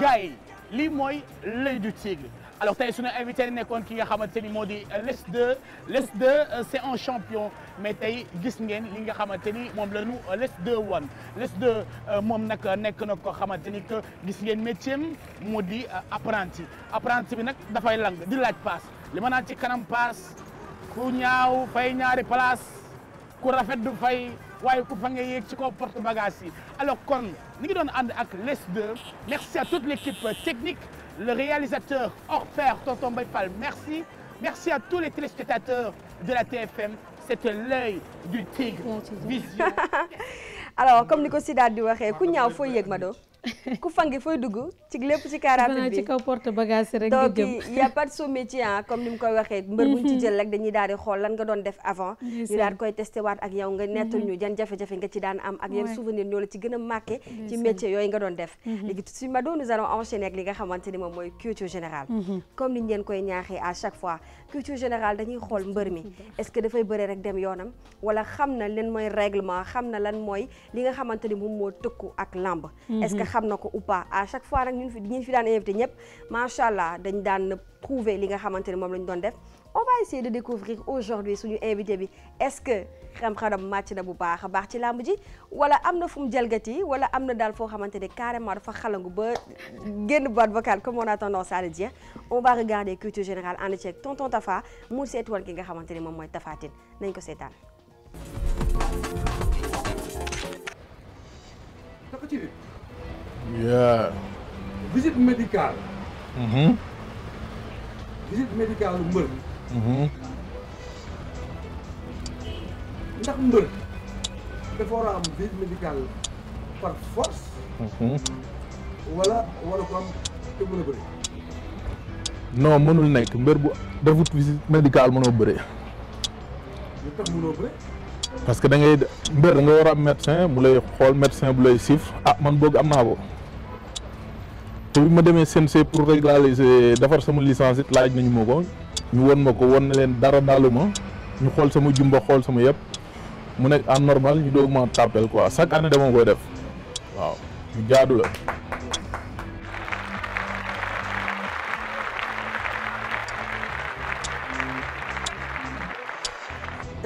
Speaker 6: gars yi lii mooy l'œil du tigre. alors tey suñu invité nekkoon ki nga xamante ni moo di les de les de euh, c'est un champion mais tey gis ngeen li nga xamante ni moom la ñu euh, les de wan les 2 euh, moom nag nekk na ko xamante ni que gis ngeen métier moo di apprenti apprenti bi nag dafay lang di laaj paas li ma naan ci kanam paas ku ñaaw fay ñaari place ku rafet du fay waaye ku fa nga yéeg ci kaw porte bagage yi alors kon ni ngi doon ànd ak les 2 merci à toute l'équipe technique le réalisateur hors pair, Tonton Mbaye Fall, merci. Merci à tous les téléspectateurs de la TFM. C'était l'œil du tigre. Vision. Alors, comme ni ko si daal di waxee
Speaker 1: ku ñaaw fooy yëg ma doo ku fangi fooy dugg ci lépp ci carapide bi ci kaw a sous métier comme ni mu koy waxee mbër buñ ci mhm. jël rek dañuy daal di xool lan nga doon def avant
Speaker 3: ñu daal koy
Speaker 1: testé waat ak yow nga mhm. nettal ñu jan jafe-jafe nga ci daan am ak yan souvenir ñoo la ci gën a marqué ci métier yooyu nga doon def mhm. léegi tout de suite Mado li nga xamante ni moom mooy culture générale comme niñ leen koy ñaaxee à chaque fois culture générale dañuy xool mbër mi est-ce que rek dem yoonam wala xam na leen mooy règlement xam na lan mooy li nga xamante ni moom moo tëkku ak lamb est-ce que xam na ko ou pas chaque fois nag ñun fi ñun fi daan invité ñëpp macha allah dañ daan trouver li nga xamante ne moom la ñu doon def on va essayer de découvrir aujourd'hui suñu invité bi est-ce que xam-xamam màcc na bu baax a baax ci làmb ji wala am na fu mu jalgati wala am na daal foo xamante ne carrément dafa xalangu ba génn boîte vocale comme on a tendance à le dire on va regarder culture générale ànd ceeg tonton Tafa mu seetuwal ki nga xamante ne moom mooy Tapha Tine nañ ko seetaan.
Speaker 4: Tapha yeah. visite médicale. Mm-hmm. mbër. Mm-hmm. ndax mbër dafa war a am visite médicale par force. Mm-hmm. wala wala ko am te mën a bëri.
Speaker 5: non mënul nekk mbër bu defut visite médicale mënoo bëree.
Speaker 4: lu tax mënoo bëree.
Speaker 5: parce que da ngay mbër da nga war a am médecin mu lay xool médecin bu lay sif ah man boog am naa ko. te bi ma demee CNC pour régulariser defar sama licence it laaj nañu ma ko ñu won ma ko won na leen dara dalu ma ñu xool sama jumba xool sama yëpp mu nekk en normal ñu doog ma tàppel quoi chaque année dama koy def waaw ñu jaadu la.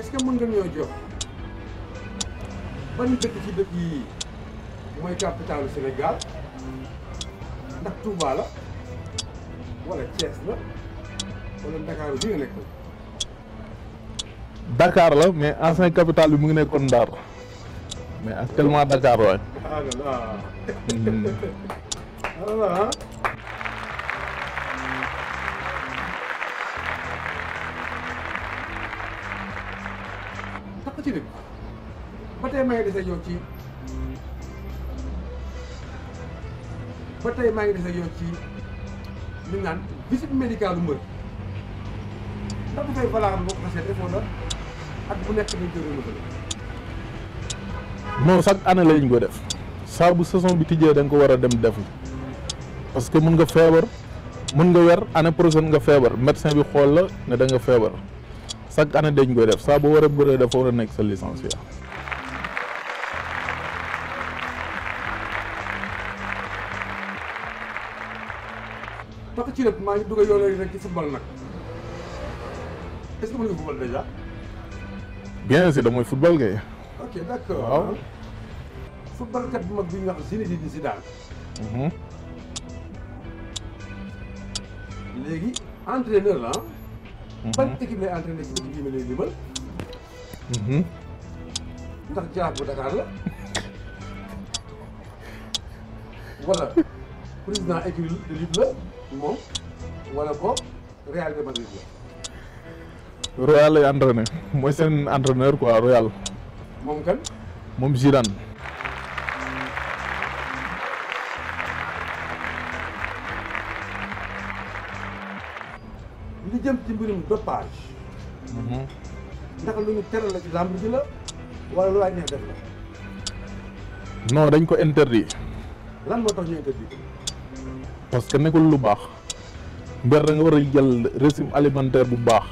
Speaker 4: ce que mën nga mooy capitalu Sénégal. ndax Touba la wala Thiès la wala
Speaker 5: Dakar la mais ancien capital bi mu ngi nekkoon Ndar mais actuellement Dakar waay.
Speaker 4: voilà. Ah hmm. ah ba tey may dese yow ci. ba tey maa ngi des ak yow ci li naan visite médicale mbër ndax dafay valable boo ko xasee defoon la ak bu nekk dañ koy renouveler.
Speaker 5: non chaque année lañ ko def saa bu saison bi tijjee da nga ko war a dem def parce que mun nga feebar mun nga wer année prochaine nga feebar médecin bi xool la ne da nga feebar chaque année dañ koy def saa bu war a bëree dafa war a nekk sa licencié.
Speaker 4: parce que ci lépp maa ngi dugg yoon rek ci football nag est-ce que mën nga football déjà.
Speaker 5: bien sûr damooy football kay.
Speaker 4: ok d'accord waaw. football mag bi ñu wax Zinedine Zidane. Mhm. léegi entraîneur la ah. mhm. ban équipe lay entraîné ci équipe yi ma lay limal. Mhm. ndax Jaraaf bu Dakar la. wala président écurie de lutte la. moom wala ko Real de Madrid la.
Speaker 5: Real lay entraîné mooy seen entraîneur quoi Real. moom kan. moom Zidane.
Speaker 4: li jëm ci mbirum dopage. Mhm. lu ñu teral la ci lamb ji wala lu waay neex def la.
Speaker 5: non dañ ko interdit. parce que nekkul lu baax mbir da nga war a jël régime alimentaire bu baax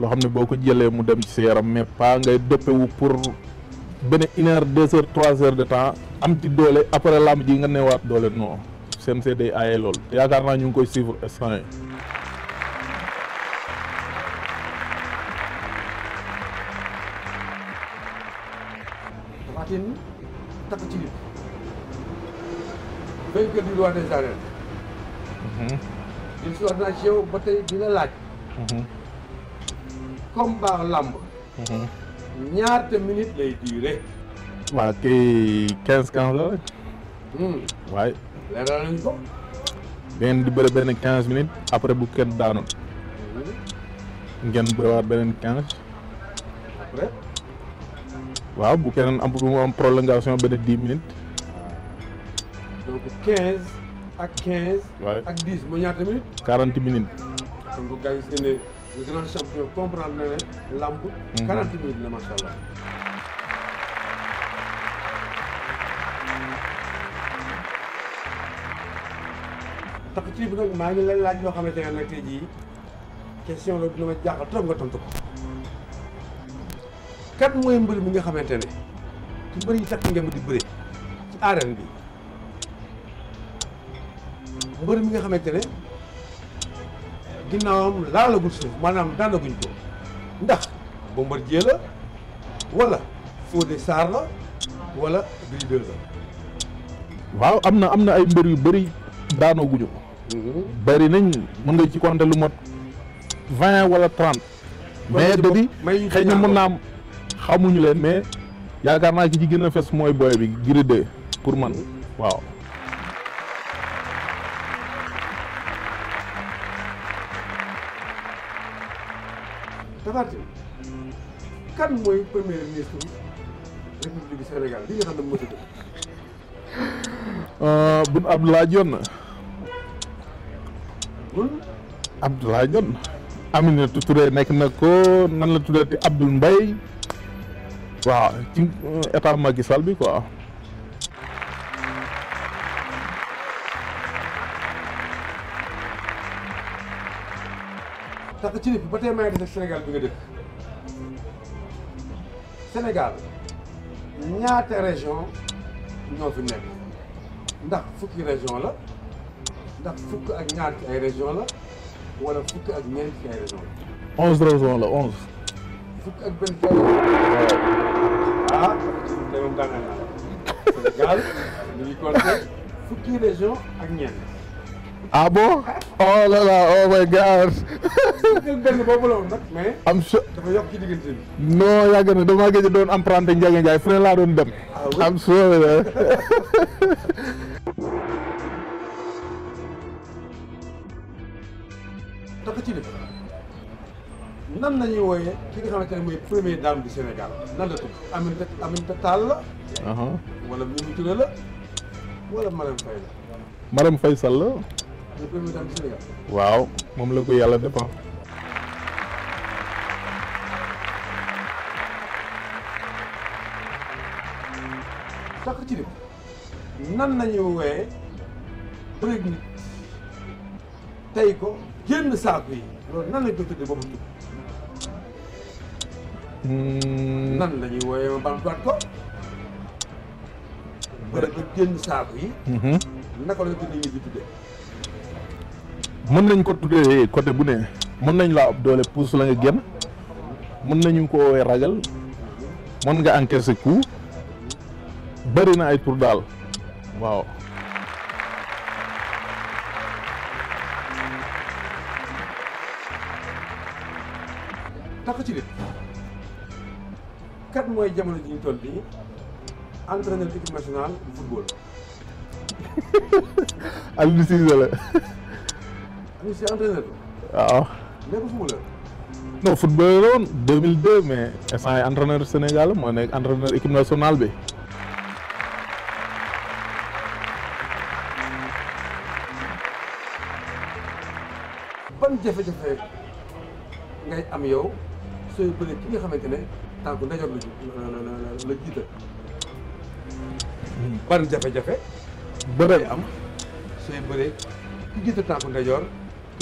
Speaker 5: loo xam ne boo ko jëlee mu dem ci sa yaram mais paa ngay doppewu pour benn une heure deux heures trois heures de temps am ci doole après lamb ji nga neewaat doole non seen see day aaye lool yaakaar naa ñu ngi koy suivre instant
Speaker 4: vainqueur du roi des
Speaker 3: arènes.
Speaker 4: il soit naa ci yow ba tey dina laaj. Mhm. combat
Speaker 5: làmb. Mhm.
Speaker 4: ñaata minutes lay duré.
Speaker 5: waaw kay quinze quinze la rek. Hmm. waaye. leeral nañ ko. ngeen di bëri benn quinze minutes après bu kenn daanul. ngeen bëriwaat beneen quinze. après. waaw bu keneen am bu benn dix minutes.
Speaker 4: donc 15 ak ak 10 mooy ñaata
Speaker 5: minutes. 40 minutes.
Speaker 4: la macha allah. tax ci bi nag maa ngi lay laaj yoo xamante ne nag tey jii question la dina ma jaaxal trop nga tontu ko. kat mooy mbër mi nga xamante ne ci mbër yi takk ngeen di bëre ci arène bi. mbër mi nga xamante ne ginnaawam laalagul suuf maanaam daanaguñ ko ndax
Speaker 5: Bombardier la wala Fodé Sarr la
Speaker 4: wala Gris 2 la.
Speaker 5: waaw am na am na ay mbër yu bëri daanaguñu ko. Mhm. bari nañ mën nga ci compter lu mot vingt wala trente. mais dadi xëy na mën naa am xamuñu leen mais yaakaar naa ci ci gën a fes mooy booy bi Gris pour man mhm. waaw.
Speaker 6: Tafatine
Speaker 4: kan mooy premier ministre république du Sénégal li nga xam ne ci dëkk.
Speaker 5: Euh, Boun Abdallah Dionne. nekk na ko nan la tuddee te Abdoul Mbaye euh,
Speaker 4: tax ci ne ba tey maa ngi Sénégal bi nga dëkk Sénégal ñaata région ñoo fi nekk ndax fukki région la ndax fukk ak ñaar ay région la wala fukk ak ñeent ci ay région
Speaker 5: la. onze région la onze.
Speaker 4: fukk ak benn kër ah tey moom daanaka ngi compté fukki région ak ñeent.
Speaker 5: ah bon oh là la woon oh nag mais. am so dafa
Speaker 4: yokk yàgg
Speaker 5: na damaa gëj doon emprunté Ndiaga Ndiaye fu ne laa doon dem. am so
Speaker 4: Tapha Tine nan la ñuy wooyee ki nga xamante ne mooy premier dame du Sénégal nan la tudd Aminata Aminata Tall la. Uh-huh. la wala
Speaker 5: Marème Faye la. waaw moom la ko yàlla defal.
Speaker 4: sax ci dëkk nan nañu wooyee bëreeg nit tey ko génn saako yi loolu nan lañ ko tuddee boobu tudd.
Speaker 3: Hmm. nan
Speaker 4: la ñuy wooyee ma bamtuwaat ko. génn saako yi. Mm-hmm. naka la ko nit ñi di tuddee.
Speaker 5: mën nañ ko tuddee côté bu ne mën nañ laa ab doole pousse la nga génn mën nañu ko woowee ragal mën nga encaisser coup bari na ay tur daal waaw. takk ci li
Speaker 4: kat mooy jamono ji ñu toll nii entraîneur équipe nationale football.
Speaker 5: Aliou Cissé la.
Speaker 4: Koussy entraîneur
Speaker 5: waaw. nekk footballeur. non la woon 2002 mais instant yi entraîneur Sénégal moo nekk entraîneur équipe nationale bi.
Speaker 4: ban jafe-jafe ngay am yow sooy bëri ki nga xamante ne tànku ndajoor la la jiita ban jafe-jafe. bëre am sooy bëri ki jiita tànku ndajoor.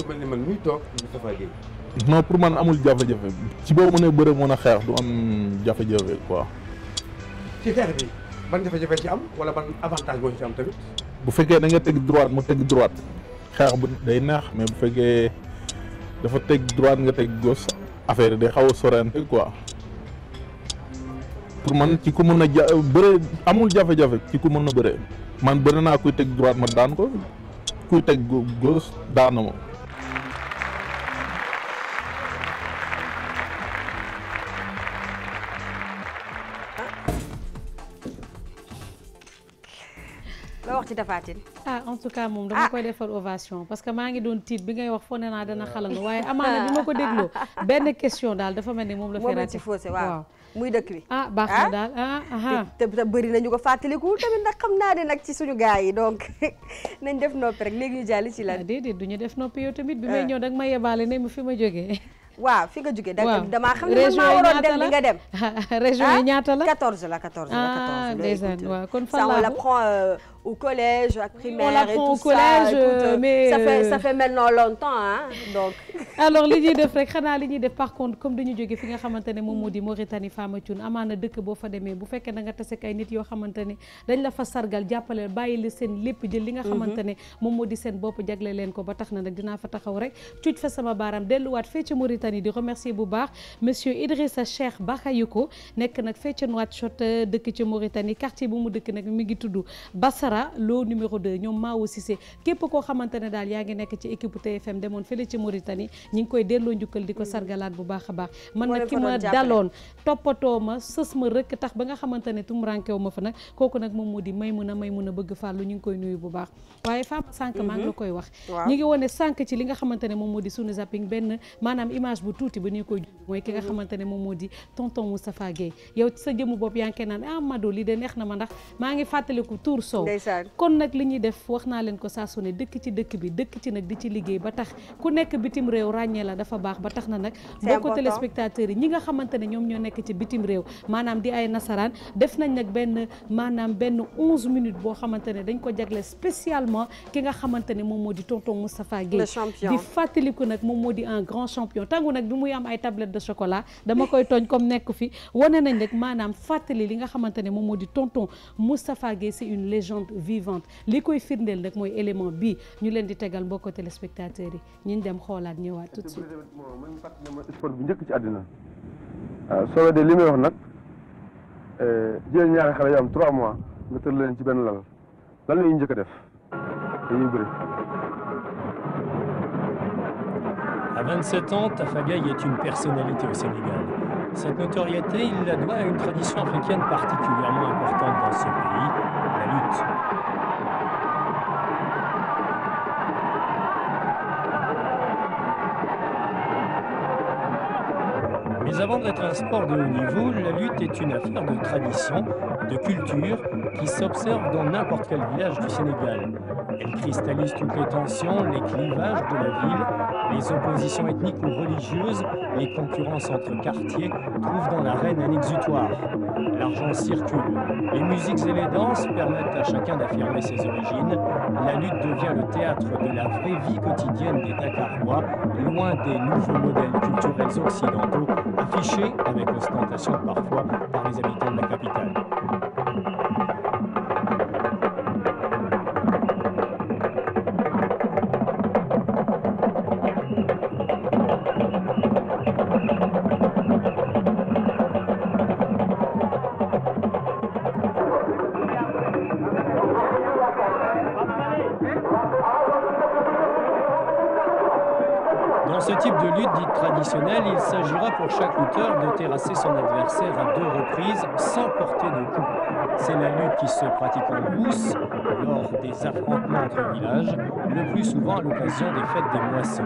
Speaker 4: ku mel ni man muy toog Moustapha Guèye
Speaker 5: non pour man amul jafe-jafe ci boo mënee bëre mën a xeex du am jafe-jafe quoi.
Speaker 4: ci xeex bi ban jafe-jafe ci am wala ban avantage boo
Speaker 5: bu fekkee da nga teg droite mu teg droite xeex bu day neex mais bu fekkee dafa teg droite nga teg gauche affaire yi day xaw a sorante quoi. pour man ci ku mën a ja bëre amul jafe-jafe ci ku mën a bëre man bëri naa kuy teg droite ma daan ko kuy teg gauche daan na
Speaker 2: ci Tapha Tine ah en tout cas moom dama ah. koy defal ovation parce que maa ngi doon tiit bi ngay wax foo ne naa dana xalangu waaye amaana bi ma ko dégloo benn question daal dafa mel ni moom la feraati ah baax na du ñu def noppi yow tamit bi may ah. ñëw dag ma yebaale ne mu fi ma jógee waaw fi nga jógee da damaa xam ne maa waroon dem bi nga dem région yi ah? ñaata la 14 la 14 waaw kon fan la
Speaker 1: euh, au collège, à primaire on l'apprend au collège ça. Écoute, euh, mais ça fait euh, ça fait maintenant
Speaker 2: longtemps hein donc. alors li ñuy def rek xanaa li ñuy def par contre comme dañu jóge fi nga xamante ne moom moo di Mauritanie Fama Thioune amaana dëkk boo fa demee bu fekkee na nga tase ak ay nit yoo xamante ne dañ la fa sargal jàppale bàyyi la seen lépp jël li nga mhm. xamante ne moom moo di seen bopp jagle leen ko ba tax na nag dinaa fa taxaw rek cuuj fa sama baaraam delluwaat fee ca Mauritanie di remercier bu baax monsieur Idrissa Cheikh Bakayoko nekk nag fee ca Nouakchott dëkk ci Mauritanie quartier bu mu dëkk nag mi ngi tudd Mara Lo numéro 2 ñoom Mao Cissé képp koo xamante ne daal yaa ngi nekk ci équipe TFM demoon fële ci Mauritanie ñi ngi koy delloo njukkal di ko mm. sargalaat bu baax a baax man nag ki ma daloon toppatoo ma sës ma rëkk tax ba nga xamante ne tumrankew ma fa nag kooku nag moom moo di may mun a may mun a bëgg fàllu ñu ngi koy nuyu bu baax waaye Fama sànq maa ngi la mm-hmm. koy wax ñi ngi wone sànq ci li nga xamante ne moom moo di sunu zapping benn maanaam image bu tuuti ba ñu koy mooy nga mm-hmm. xamante ne moom moo di tonton Moustapha Gueye yow sa jëmu bopp yaa ngi koy naan ah, Mado lii de neex na ndax maa ngi fàttaliku tuur soow ndeysaan kon nag li ñuy def wax naa leen ko saa su ne dëkk ci dëkk bi dëkk ci nag di ci liggéey ba tax ku nekk bitim réew ràññee la dafa baax ba tax na nag mbokku téléspectateurs yi ñi nga xamante ne ñoom ñoo nekk ci bitim réew maanaam di ay nasaraan def nañ nag benn maanaam benn onze minutes boo xamante ne dañ ko jagle spécialement ki nga xamante ne moom moo di tonton Moustapha Guèye di fàttaliku nag moom moo di un grand champion tàngu nag bi muy am ay tablette de chocolat dama koy tooñ comme nekk fi wane nañ nag maanaam fàttali li nga xamante ne moom moo di tonton Moustapha Guèye c'est une légende vivante vivante li koy firndeel nag mooy élément bii ñu leen di tegal mbokk téléspectateurs yi ñun dem xoolaat ñëwaat tout de suite. même
Speaker 4: bu njëkk ci àddina waaw soo weddee li may wax nag jël ñaari xale yu am 3 mois nga tëral ci benn lal lan la ñuy njëkk a def dañuy bëri.
Speaker 7: À 27 ans, Tafagay est une personnalité au Sénégal. Cette notoriété, il la une tradition africaine particulièrement importante dans ce pays. but. Mais avant d'être un sport de haut niveau, la lutte est une affaire de tradition, de culture, qui s'observe dans n'importe quel village du Sénégal. Elle cristallise toutes les tensions, les clivages de la ville, les oppositions ethniques ou religieuses, les concurrences entre quartiers trouvent dans l'arène un exutoire. L'argent circule. Les musiques et les danses permettent à chacun d'affirmer ses origines. La lutte devient le théâtre de la vraie vie quotidienne affichés avec ostentation parfois par les habitants la capitale. scooter de terrasser son adversaire à deux reprises sans porter de coup. C'est la lutte qui se pratique en brousse lors des affrontements entre villages, le plus souvent à l'occasion des fêtes des moissons.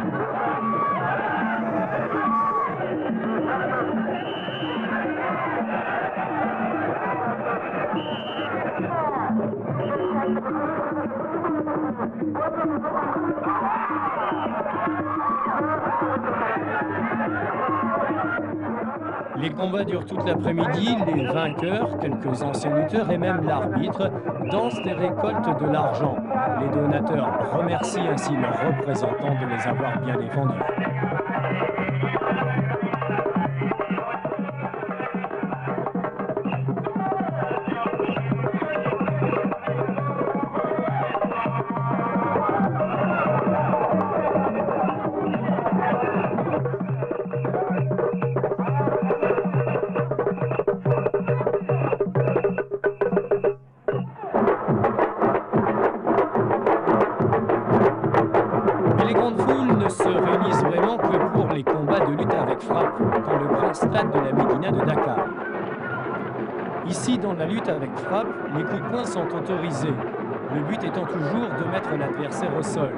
Speaker 7: Les combats durent toute l'après-midi. Les vainqueurs, quelques anciens lutteurs et même l'arbitre dansent et récoltent de l'argent. Les donateurs remercient ainsi leurs représentants de les avoir bien défendus. au sol.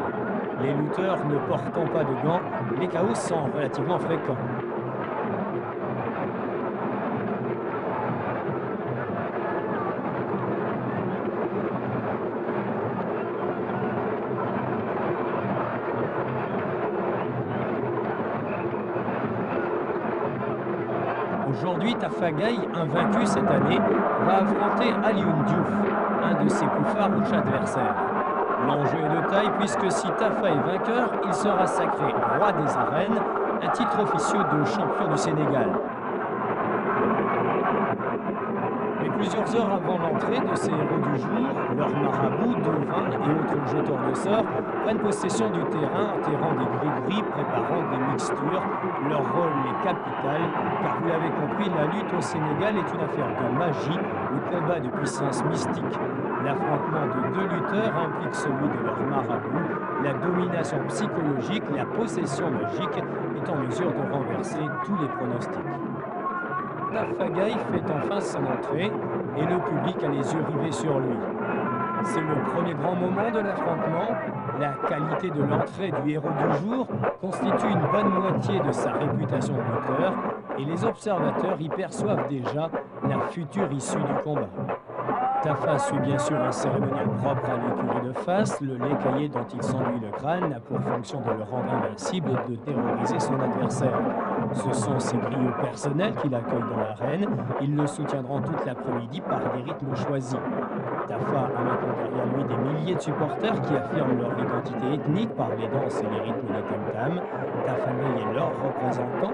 Speaker 7: Les lutteurs ne portant pas de gants, les chaos sont relativement fréquents. Aujourd'hui, Tafagay, invaincu cette année, va affronter Alioun Diouf, un de ses plus farouches adversaires. L'enjeu est de taille puisque si Tafa est vainqueur, il sera sacré roi des arènes, un titre officieux de champion du Sénégal. Mais plusieurs heures avant l'entrée de ces héros du jour, leurs marabouts, et autres jeteurs de sorts prennent possession du terrain, enterrant des gris-gris, préparant des mixtures. Leur rôle est capital, car vous l'avez compris, la lutte au Sénégal est une affaire de magie, le combat de puissance mystique. L'affrontement de deux lutteurs implique celui de leur marabout. La domination psychologique, la possession magique est en mesure de renverser tous les pronostics. La fait enfin son entrée et le public a les yeux rivés sur lui. C'est le premier grand moment de l'affrontement. La qualité de l'entrée du héros du jour constitue une bonne moitié de sa réputation d'auteur et les observateurs y perçoivent déjà la future issue du combat. à face ou bien sûr un cérémonial propre à l'écurie de face, le lait caillé dont il s'enduit le crâne a pour fonction de le rendre invincible de terroriser son adversaire. Ce sont ses griots personnels qui dans l'arène. Ils le soutiendront toute l'après-midi par des rythmes choisis. Tafa a maintenant derrière lui des milliers de supporters qui affirment leur identité ethnique par les danses et les rythmes des tam-tams. Tafa est leur représentant,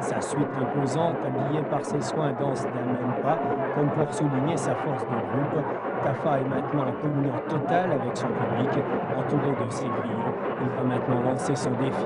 Speaker 7: Sa suite imposante, habillée par ses soins, danse d'un même pas, comme pour souligner sa force de groupe. Tafa est maintenant en communion totale avec son public, entouré de ses Il va maintenant lancer son défi.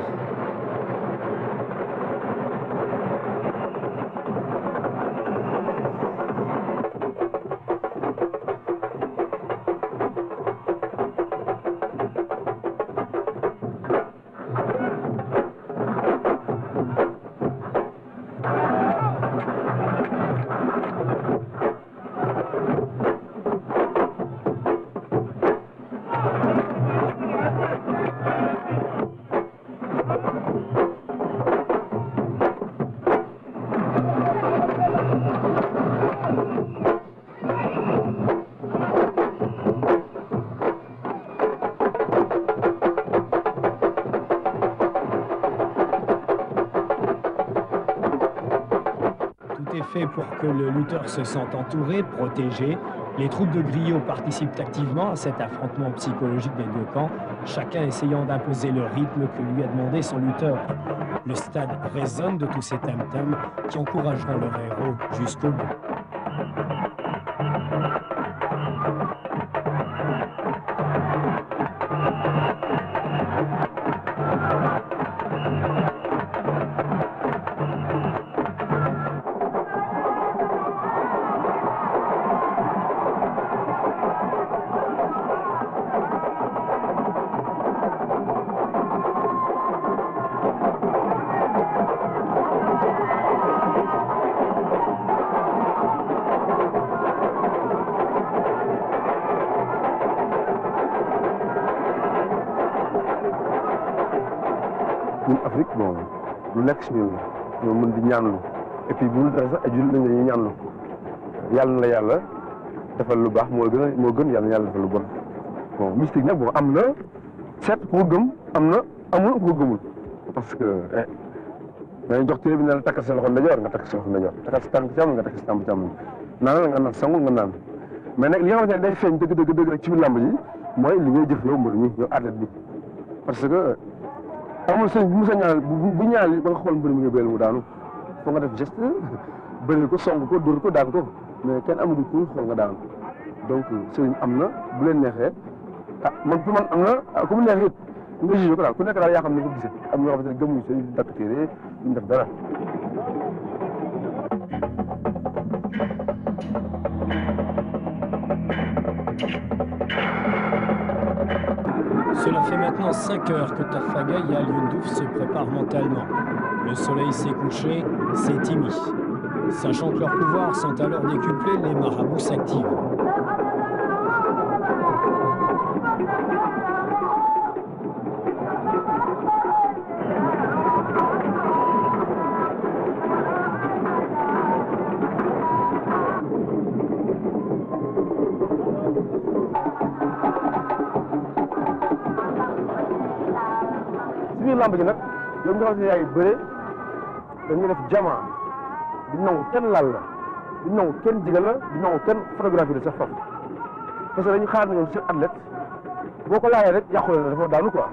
Speaker 7: fait pour que le lutteur se sente entouré, protégé. Les troupes de Griot participent activement à cet affrontement psychologique des deux camps, chacun essayant d'imposer le rythme que lui a demandé son lutteur. Le stade résonne de tous ces tam qui encourageront leur héros jusqu'au bout.
Speaker 4: dëkk yi bu dul dara sax ay jullit lañ ñaan lu yàlla na la yàlla defal lu baax moo gën moo gën yàlla yàlla defal lu bon bon mystique nag boo am na seet ku ko gëm am na amul ko gëmul parce que eh, dañu jox téere bi ne la takkal sa loxo ndajoor nga takkal sa loxo ndajoor takkal sa tànk càmm nga takkal sa tànk càmm naan la nga naan sangu nga naan mais nag li nga xamante rek ci biir làmb ji mooy li ngay jëf yow mbër mi yow athlète bi parce que amul sëñ bu mu sa ñaanal bu ñaanal ba nga xool mbër mi nga béyal mu daanu fa nga def geste bëri ko song ko dóor ko daan ko mais kenn amagul ku xool nga daan donc sëriñ am na bu leen neexee ah man pour man am na ah, ku mu neex it nga jugé ko daal ku nekk daal yaa xam ne ko gisee am ñoo xamante ne gëmuñu seen dakk téere ñu def dara
Speaker 7: Thank you. Cela fait maintenant 5 heures que Tarfagaya Liondouf se prépare mentalement. Le soleil s'est couché, c'est timide. Sachant que leurs pouvoirs sont alors décuplés, les marabouts s'activent.
Speaker 4: làmb ji nag yow nga xam ne yaay bëre dañuy def jamaa di nangu kenn laal la di nangu kenn jigal la di nangu kenn photographie la sax faf parce que dañu xaar ne ñoom seen athlète boo ko laajee rek yàqu la dafa daanu quoi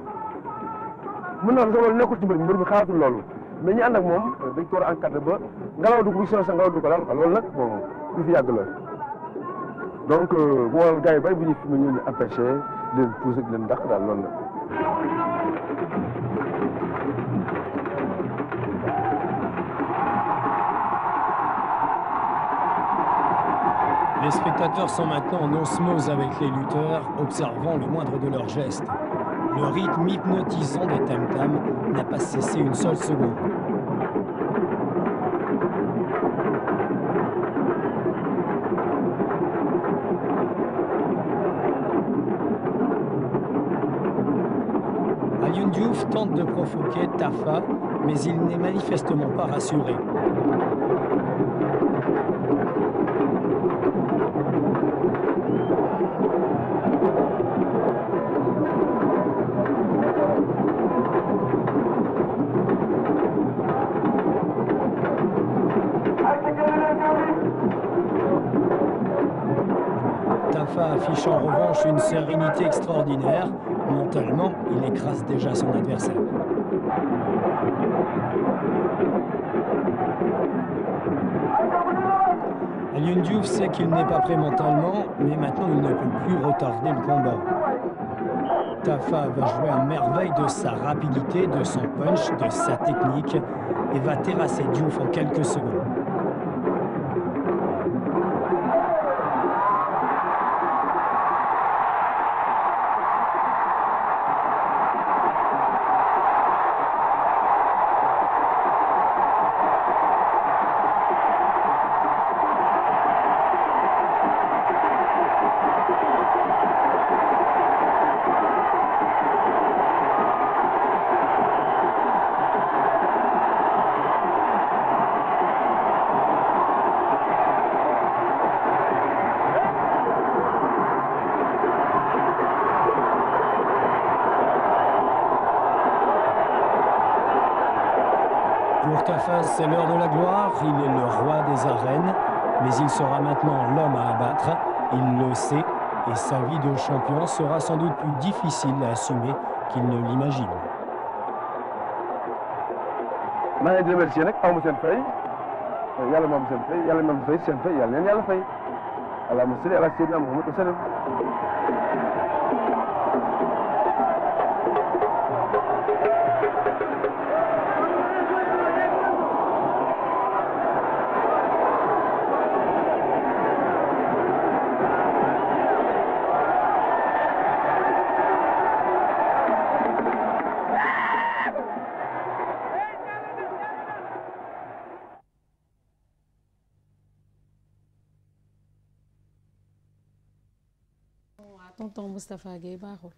Speaker 4: mën naa sax loolu nekkul ci mbir mi mbir mi xaaratul loolu mais ñi moom dañ ko war a ba ngelaw du ko changé ngelaw ko daal loolu nag bon du fi yàgg la donc euh, moo waral gars yi bari bu ñu fi mu ñu empêché leen poussé leen dàq daal loolu la.
Speaker 7: Les spectateurs sont maintenant en osmose avec les lutteurs, observant le moindre de leurs gestes. Le rythme hypnotisant des tam n'a pas cessé une seule seconde. Alioune tente de provoquer Tafa, mais il n'est manifestement pas rassuré. sérénité extraordinaire. Mentalement, il écrase déjà son adversaire. Alioune Diouf sait qu'il n'est pas prêt mentalement, mais maintenant il ne peut plus retarder le combat. Tafa va jouer à merveille de sa rapidité, de son punch, de sa technique et va terrasser Diouf en quelques secondes. c'est l'heure de la gloire, il est le roi des arènes, mais il sera maintenant l'homme à abattre, il le sait, et sa vie de champion sera sans doute plus difficile à assumer qu'il ne l'imagine.
Speaker 4: maa ngi leen di remercier nag aw ma seen fay yàlla moom seen fay yàlla moom fay seen fay yàlla neen yàlla fay allahumma salli ala sayyidina Muhammad wa
Speaker 3: sallam
Speaker 2: Moustapha Guèye baaxul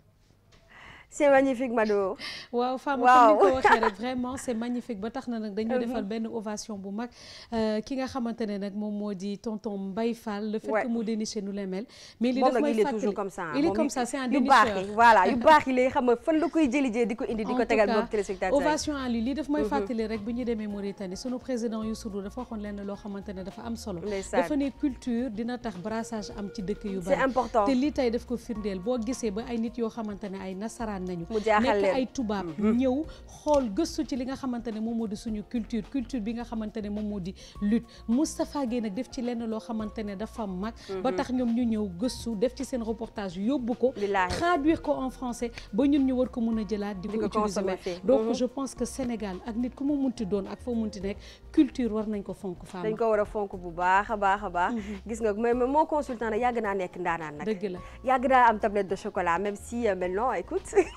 Speaker 2: c'est magnifique Mado. waaw Fama comme ni ko waxee rek vraiment c'est magnifique ba tax na nag dañu mhm. defal benn ovation bu mag euh, ki nga xamante ne nag moom moo ji tonton Mbaye Fall. le fait mu déniché nu lay mais li daf may fàttali baax yi voilà xam nga fan la koy jëli jëli di ko indi di ko tegal boobu téléspectateur ovation à lui li daf may mhm. fàttali rek bu ñu demee Mauritanie sunu président Youssou Ndour dafa waxoon lenn loo xamante dafa am solo. dafa ne culture dina tax brassage am ci dëkk yu bari. te lii tey daf ko firndeel boo gisee ba ay nit yoo xamante ne ay nasaraan nañu nekk ay tubaab mm-hmm. ñëw xool gëstu ci li nga xamante ne moom moo di suñu culture culture bi nga xamante ne moom moo di lutte Moustapha Guèye nag def ci lenn loo xamante ne dafa mag mm-hmm. ba tax ñoom ñu ñëw gëstu def ci seen reportage yóbbu ko traduire ko en français ba ñu ñu war ko mun a jëlaat di ko utiliser donc mm-hmm. je pense que Sénégal ak nit ku mu munti doon ak foo munti nekk culture war nañ ko fonk faama dañ ko
Speaker 1: war a fonk bu baax a baax a baax gis nga mais
Speaker 2: moo consultant
Speaker 1: nag yàgg naa nekk ndaanaan nag dëgg la am tablette de même si euh, maintenant écoute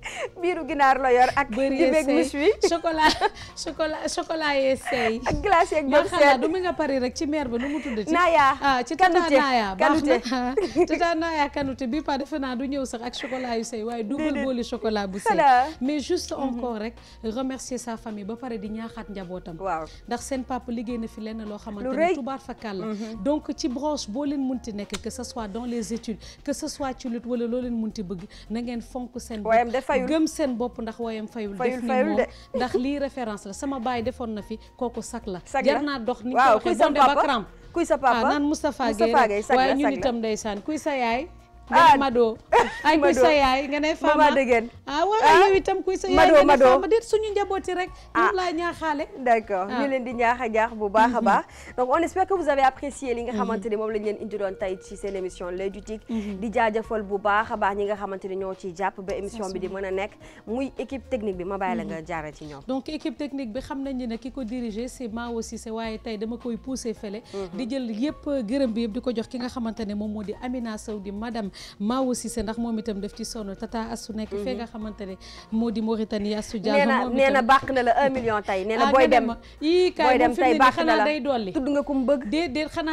Speaker 2: biiru ginaar la yor ak. bëri yeeg sey chocolat chocolat chocolat yee sey. ak glace yeeg ñoom du mi nga pari rek ci meer ba nu mu tudd ci. naaya ah ci tata naaya baax na ah, tata defe naa du ñëw sax ak chocolat yu sey waaye du double booli chocolat bu sey. mais juste mhm. encore rek remercier sa famille ba pare di ñaaxaat njabootam. waaw ndax seen papa liggéey na fi lenn loo xamante ni tubaat fa kàll. Mhm. donc ci branche boo leen mun munti nekk que ce soit dans les études que ce soit ci lutte wala loo leen munti bëgg na ngeen fonk seen. fayul gëm seen bopp ndax woyam fayul fayul fayul de ndax lii référence la sama baay defoon na fi kooku sak la jar naa dox ni ko waxee bonde ba kuy sa papa ah, naan Moustapha Guèye waaye ñun itam ndeysaan kuy sa yaay
Speaker 3: ah Mado.
Speaker 2: ay kuy sa yaay nga ne Fama Mama Degen. ah wala yow ah. itam kuy sa yaay nga ne Fama déet suñu njabooti rek. ah laa ñaaxaale. d'accord ah.
Speaker 1: ñu leen di ñaax a ñaax bu baax a mhm. baax. donc on espère que vous avez apprécié li nga mhm. xamante ni moom lañ leen indi doon tey ci seen émission L'Oeil du Tigre. Mhm. di baax a baax ñi nga xamante ni ñoo ciy jàpp ba émission bi di mën a nekk muy équipe technique bi ma bàyyi la nga jaaree ci ñoom.
Speaker 2: donc équipe technique bi xam nañu ne ki ko diriger c'est Mawo Cissé waaye tey dama koy pousser fële. di jël yëpp gërëm bi yëpp di ko jox ki nga xamante ne moom moo di Amina Sow di madame Maawu Cissé ndax moom itam daf ci sonn tata asu nekk fee nga mhm. xamante ne moo di Mauritanie asu Diallo moom itam nee na bàq na la 1 million tey ah, dem yii kaay booy na la day dolli tudd nga ku mu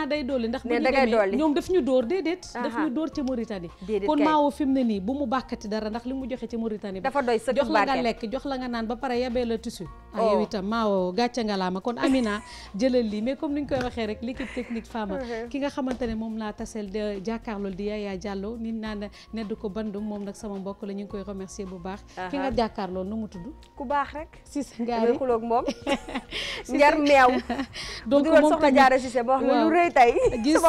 Speaker 2: day dolli ndax bu ñu demee ñoom daf ñu dóor déedéet mu ne nii bu mu bàkkati dara ndax li mu joxe ca Mauritanie dafa doy sëkk jox la nga lekk la nga naan ba pare yabee la tissu ah oh. yow itam Maawo gàcce nga laa ma kon Amina jëlal lii mais comme ni ñu koy waxee rek l'équipe technique femme ki nga xamante ne moom laa taseel di Yaya yow nit naa ne nedd ko bandum moom nag sama mbokk la ñu koy remercier bu baax. ki nga jàkkaar loolu nu mu tudd. ku baax rek. Cissé Ngaari dafay xuloog moom. njar meew. donc moom soxna Diarra Cissé ma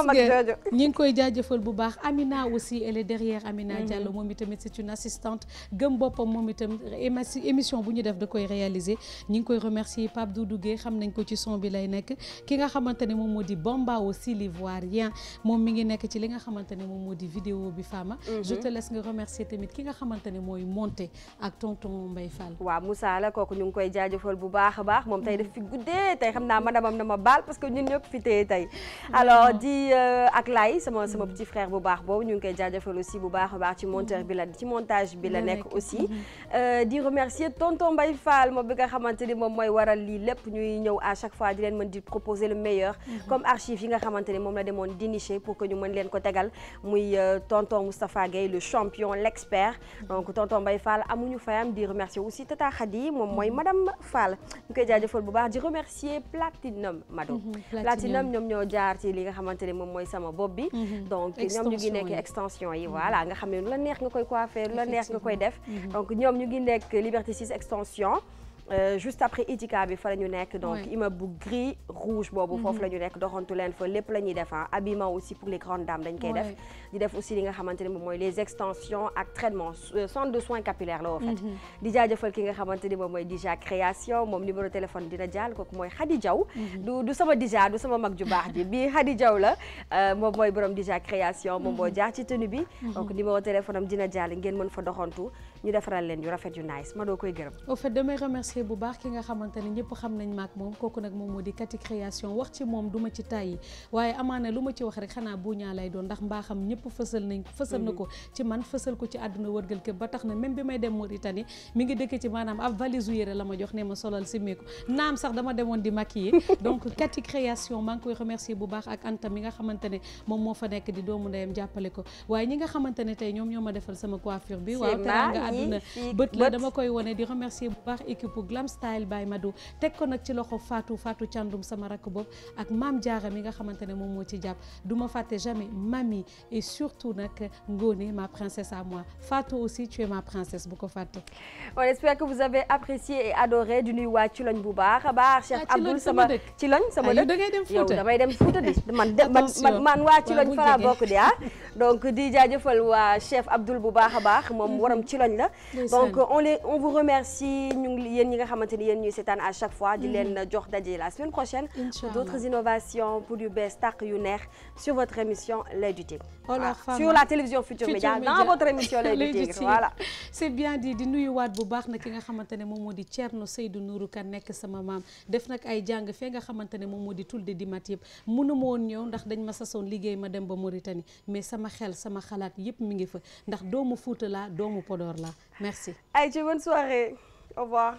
Speaker 2: wax la bu baax Amina aussi elle est derrière Amina mhm. Diallo moom itamit c'est une assistante gëm boppam moom itam émission bu ñu def da koy réaliser ñi ngi koy remercier Pape Doudou Guèye xam nañ ko ci son bi lay nekk ki nga xamante ne moom moo di Bamba aussi l'ivoirien moom mi ngi nekk ci li nga xamante ne moom bi Fama. Mhm. je a laisse nga remercier tamit ki nga xamante ne mooy monté ak tonton Mbaye Fall. waaw Moussa la kooku ñu ngi koy jaajëfal bu baax a baax moom tey daf fi guddee
Speaker 1: tey xam naa madame na ma baal parce que ñun ñëpp fi téye tey. Mhm. alors di euh, ak Laye sama sama petit frère bu baax boobu ñu ngi koy aussi bu baax a baax ci monteur bi la nekk aussi. Mhm. Euh, di remercier tonton Mbaye Fall moom bi nga xamante moom mooy waral lii lépp ñuy ñëw à chaque fois di tonton Moustapha Gueye le champion l'expert donc tonton Mbaye Fall amuñu fayam di remercier aussi Tata Khady moom mooy madame Fall ñu koy jaajëfal bu baax di remercier Platinum Mado mhm, Platinum ñoom ñoo jaar ci li nga xamante ne moom mooy sama bopp bi mhm. donc ñoom ñu ngi nekk extension yi voilà nga xam ne lu la neex nga koy coiffer lu la neex nga koy def mhm. donc ñoom ñu ngi nekk Liberté 6 extension Euh, juste après Idika bi fa la ñu nekk donc immeuble bu gris rouge boobu mhm. foofu la ñu nekk doxantu leen fa lépp la ñuy def habillement aussi pour les grandes dames dañ koy def di def aussi li nga xamante ne moom mooy les extensions ak traitement euh, centre la en fait mhm. di jaajëfal ki nga xamante moom mooy Dija création moom numéro téléphone dina jàll kooku mooy Khady Diaw mhm. du sama Dija du sama mag ju baax ji bii Khady Diaw la euh, moom mooy borom Dija création moom moo jaar ci tenue bi donc numéro téléphone am dina jàll ngeen mën fa doxantu ñu defaral leen yu rafet yu nice ma doo koy gërëm
Speaker 2: au fait damay remercier bu baax ki nga xamante ne ñëpp xam nañ maak moom kooku nag moom moo di kati création wax ci moom du ma ci tàyyi waaye amaana lu ma ci wax rek xanaa bu ñaa lay doon ndax mbaaxam ñëpp fësal nañ fësal na ko mm-hmm. ci man fësal ko ci àdduna wërgal kër ba tax na même bi may dem Mauritanie mi ngi dëkk ci maanaam ab valise yére la ma jox ne ma solal simmeeku naam sax dama demoon di maquiller donc kati création maa ngi koy remercier bu baax ak Anta mi nga xamante ne moom moo fa nekk di doomu ndeyam jàppale ko waaye ñi nga xamante ne tey ñoom ñoo ma defal sama coiffure bi waaw àdduna bët la dama koy wone di remercier bu baax équipe Glam Style by Madou teg ko nag ci loxo Fatou Fatou Thiandoum sama rakk boobu ak Mame Diarra nga xamante moom moo ci jàpp du ma fàtte jamais mami et surtout nag Ngone ma princesse à moi Fatou aussi tu ma princesse bu ko fàtte.
Speaker 1: on espère que vous avez apprécié et adoré di nuyu waa Ciloñ bu baax a baax. Cheikh Abdoul sama Ciloñ sama dëkk dangay dem Fouta yow damay dem Fouta di man man man waa di ah donc di jaajëfal waa chef Abdoul bu baax a baax moom mhm. waram Ciloñ na donc on les on vous remercie ñu ngi yéen ñi nga xamante ni yéen ñuy seetaan à chaque fois di mm. leen jox daje la semaine prochaine pour d'autres innovations pour yu bees tàq yu neex sur votre émission L'Oeil du Tigre
Speaker 2: oh, sur la télévision Futur Média dans votre émission L'Oeil du Tigre voilà bien dit di nuyu waat bu baax nag ki nga xamante ne moom moo di Thierno du nuru Kane nekk sama maam def nag ay jàng fee nga xamante ne moom moo di tulde di mat yëpp mënuma woon ñëw ndax dañ ma sasoon liggéey ma dem ba Mauritanie mais sama xel sama xalaat yëpp mi ngi fa ndax doomu Fuuta laa doomu Podor la allah merci.
Speaker 1: Aïcha bonne soirée au revoir.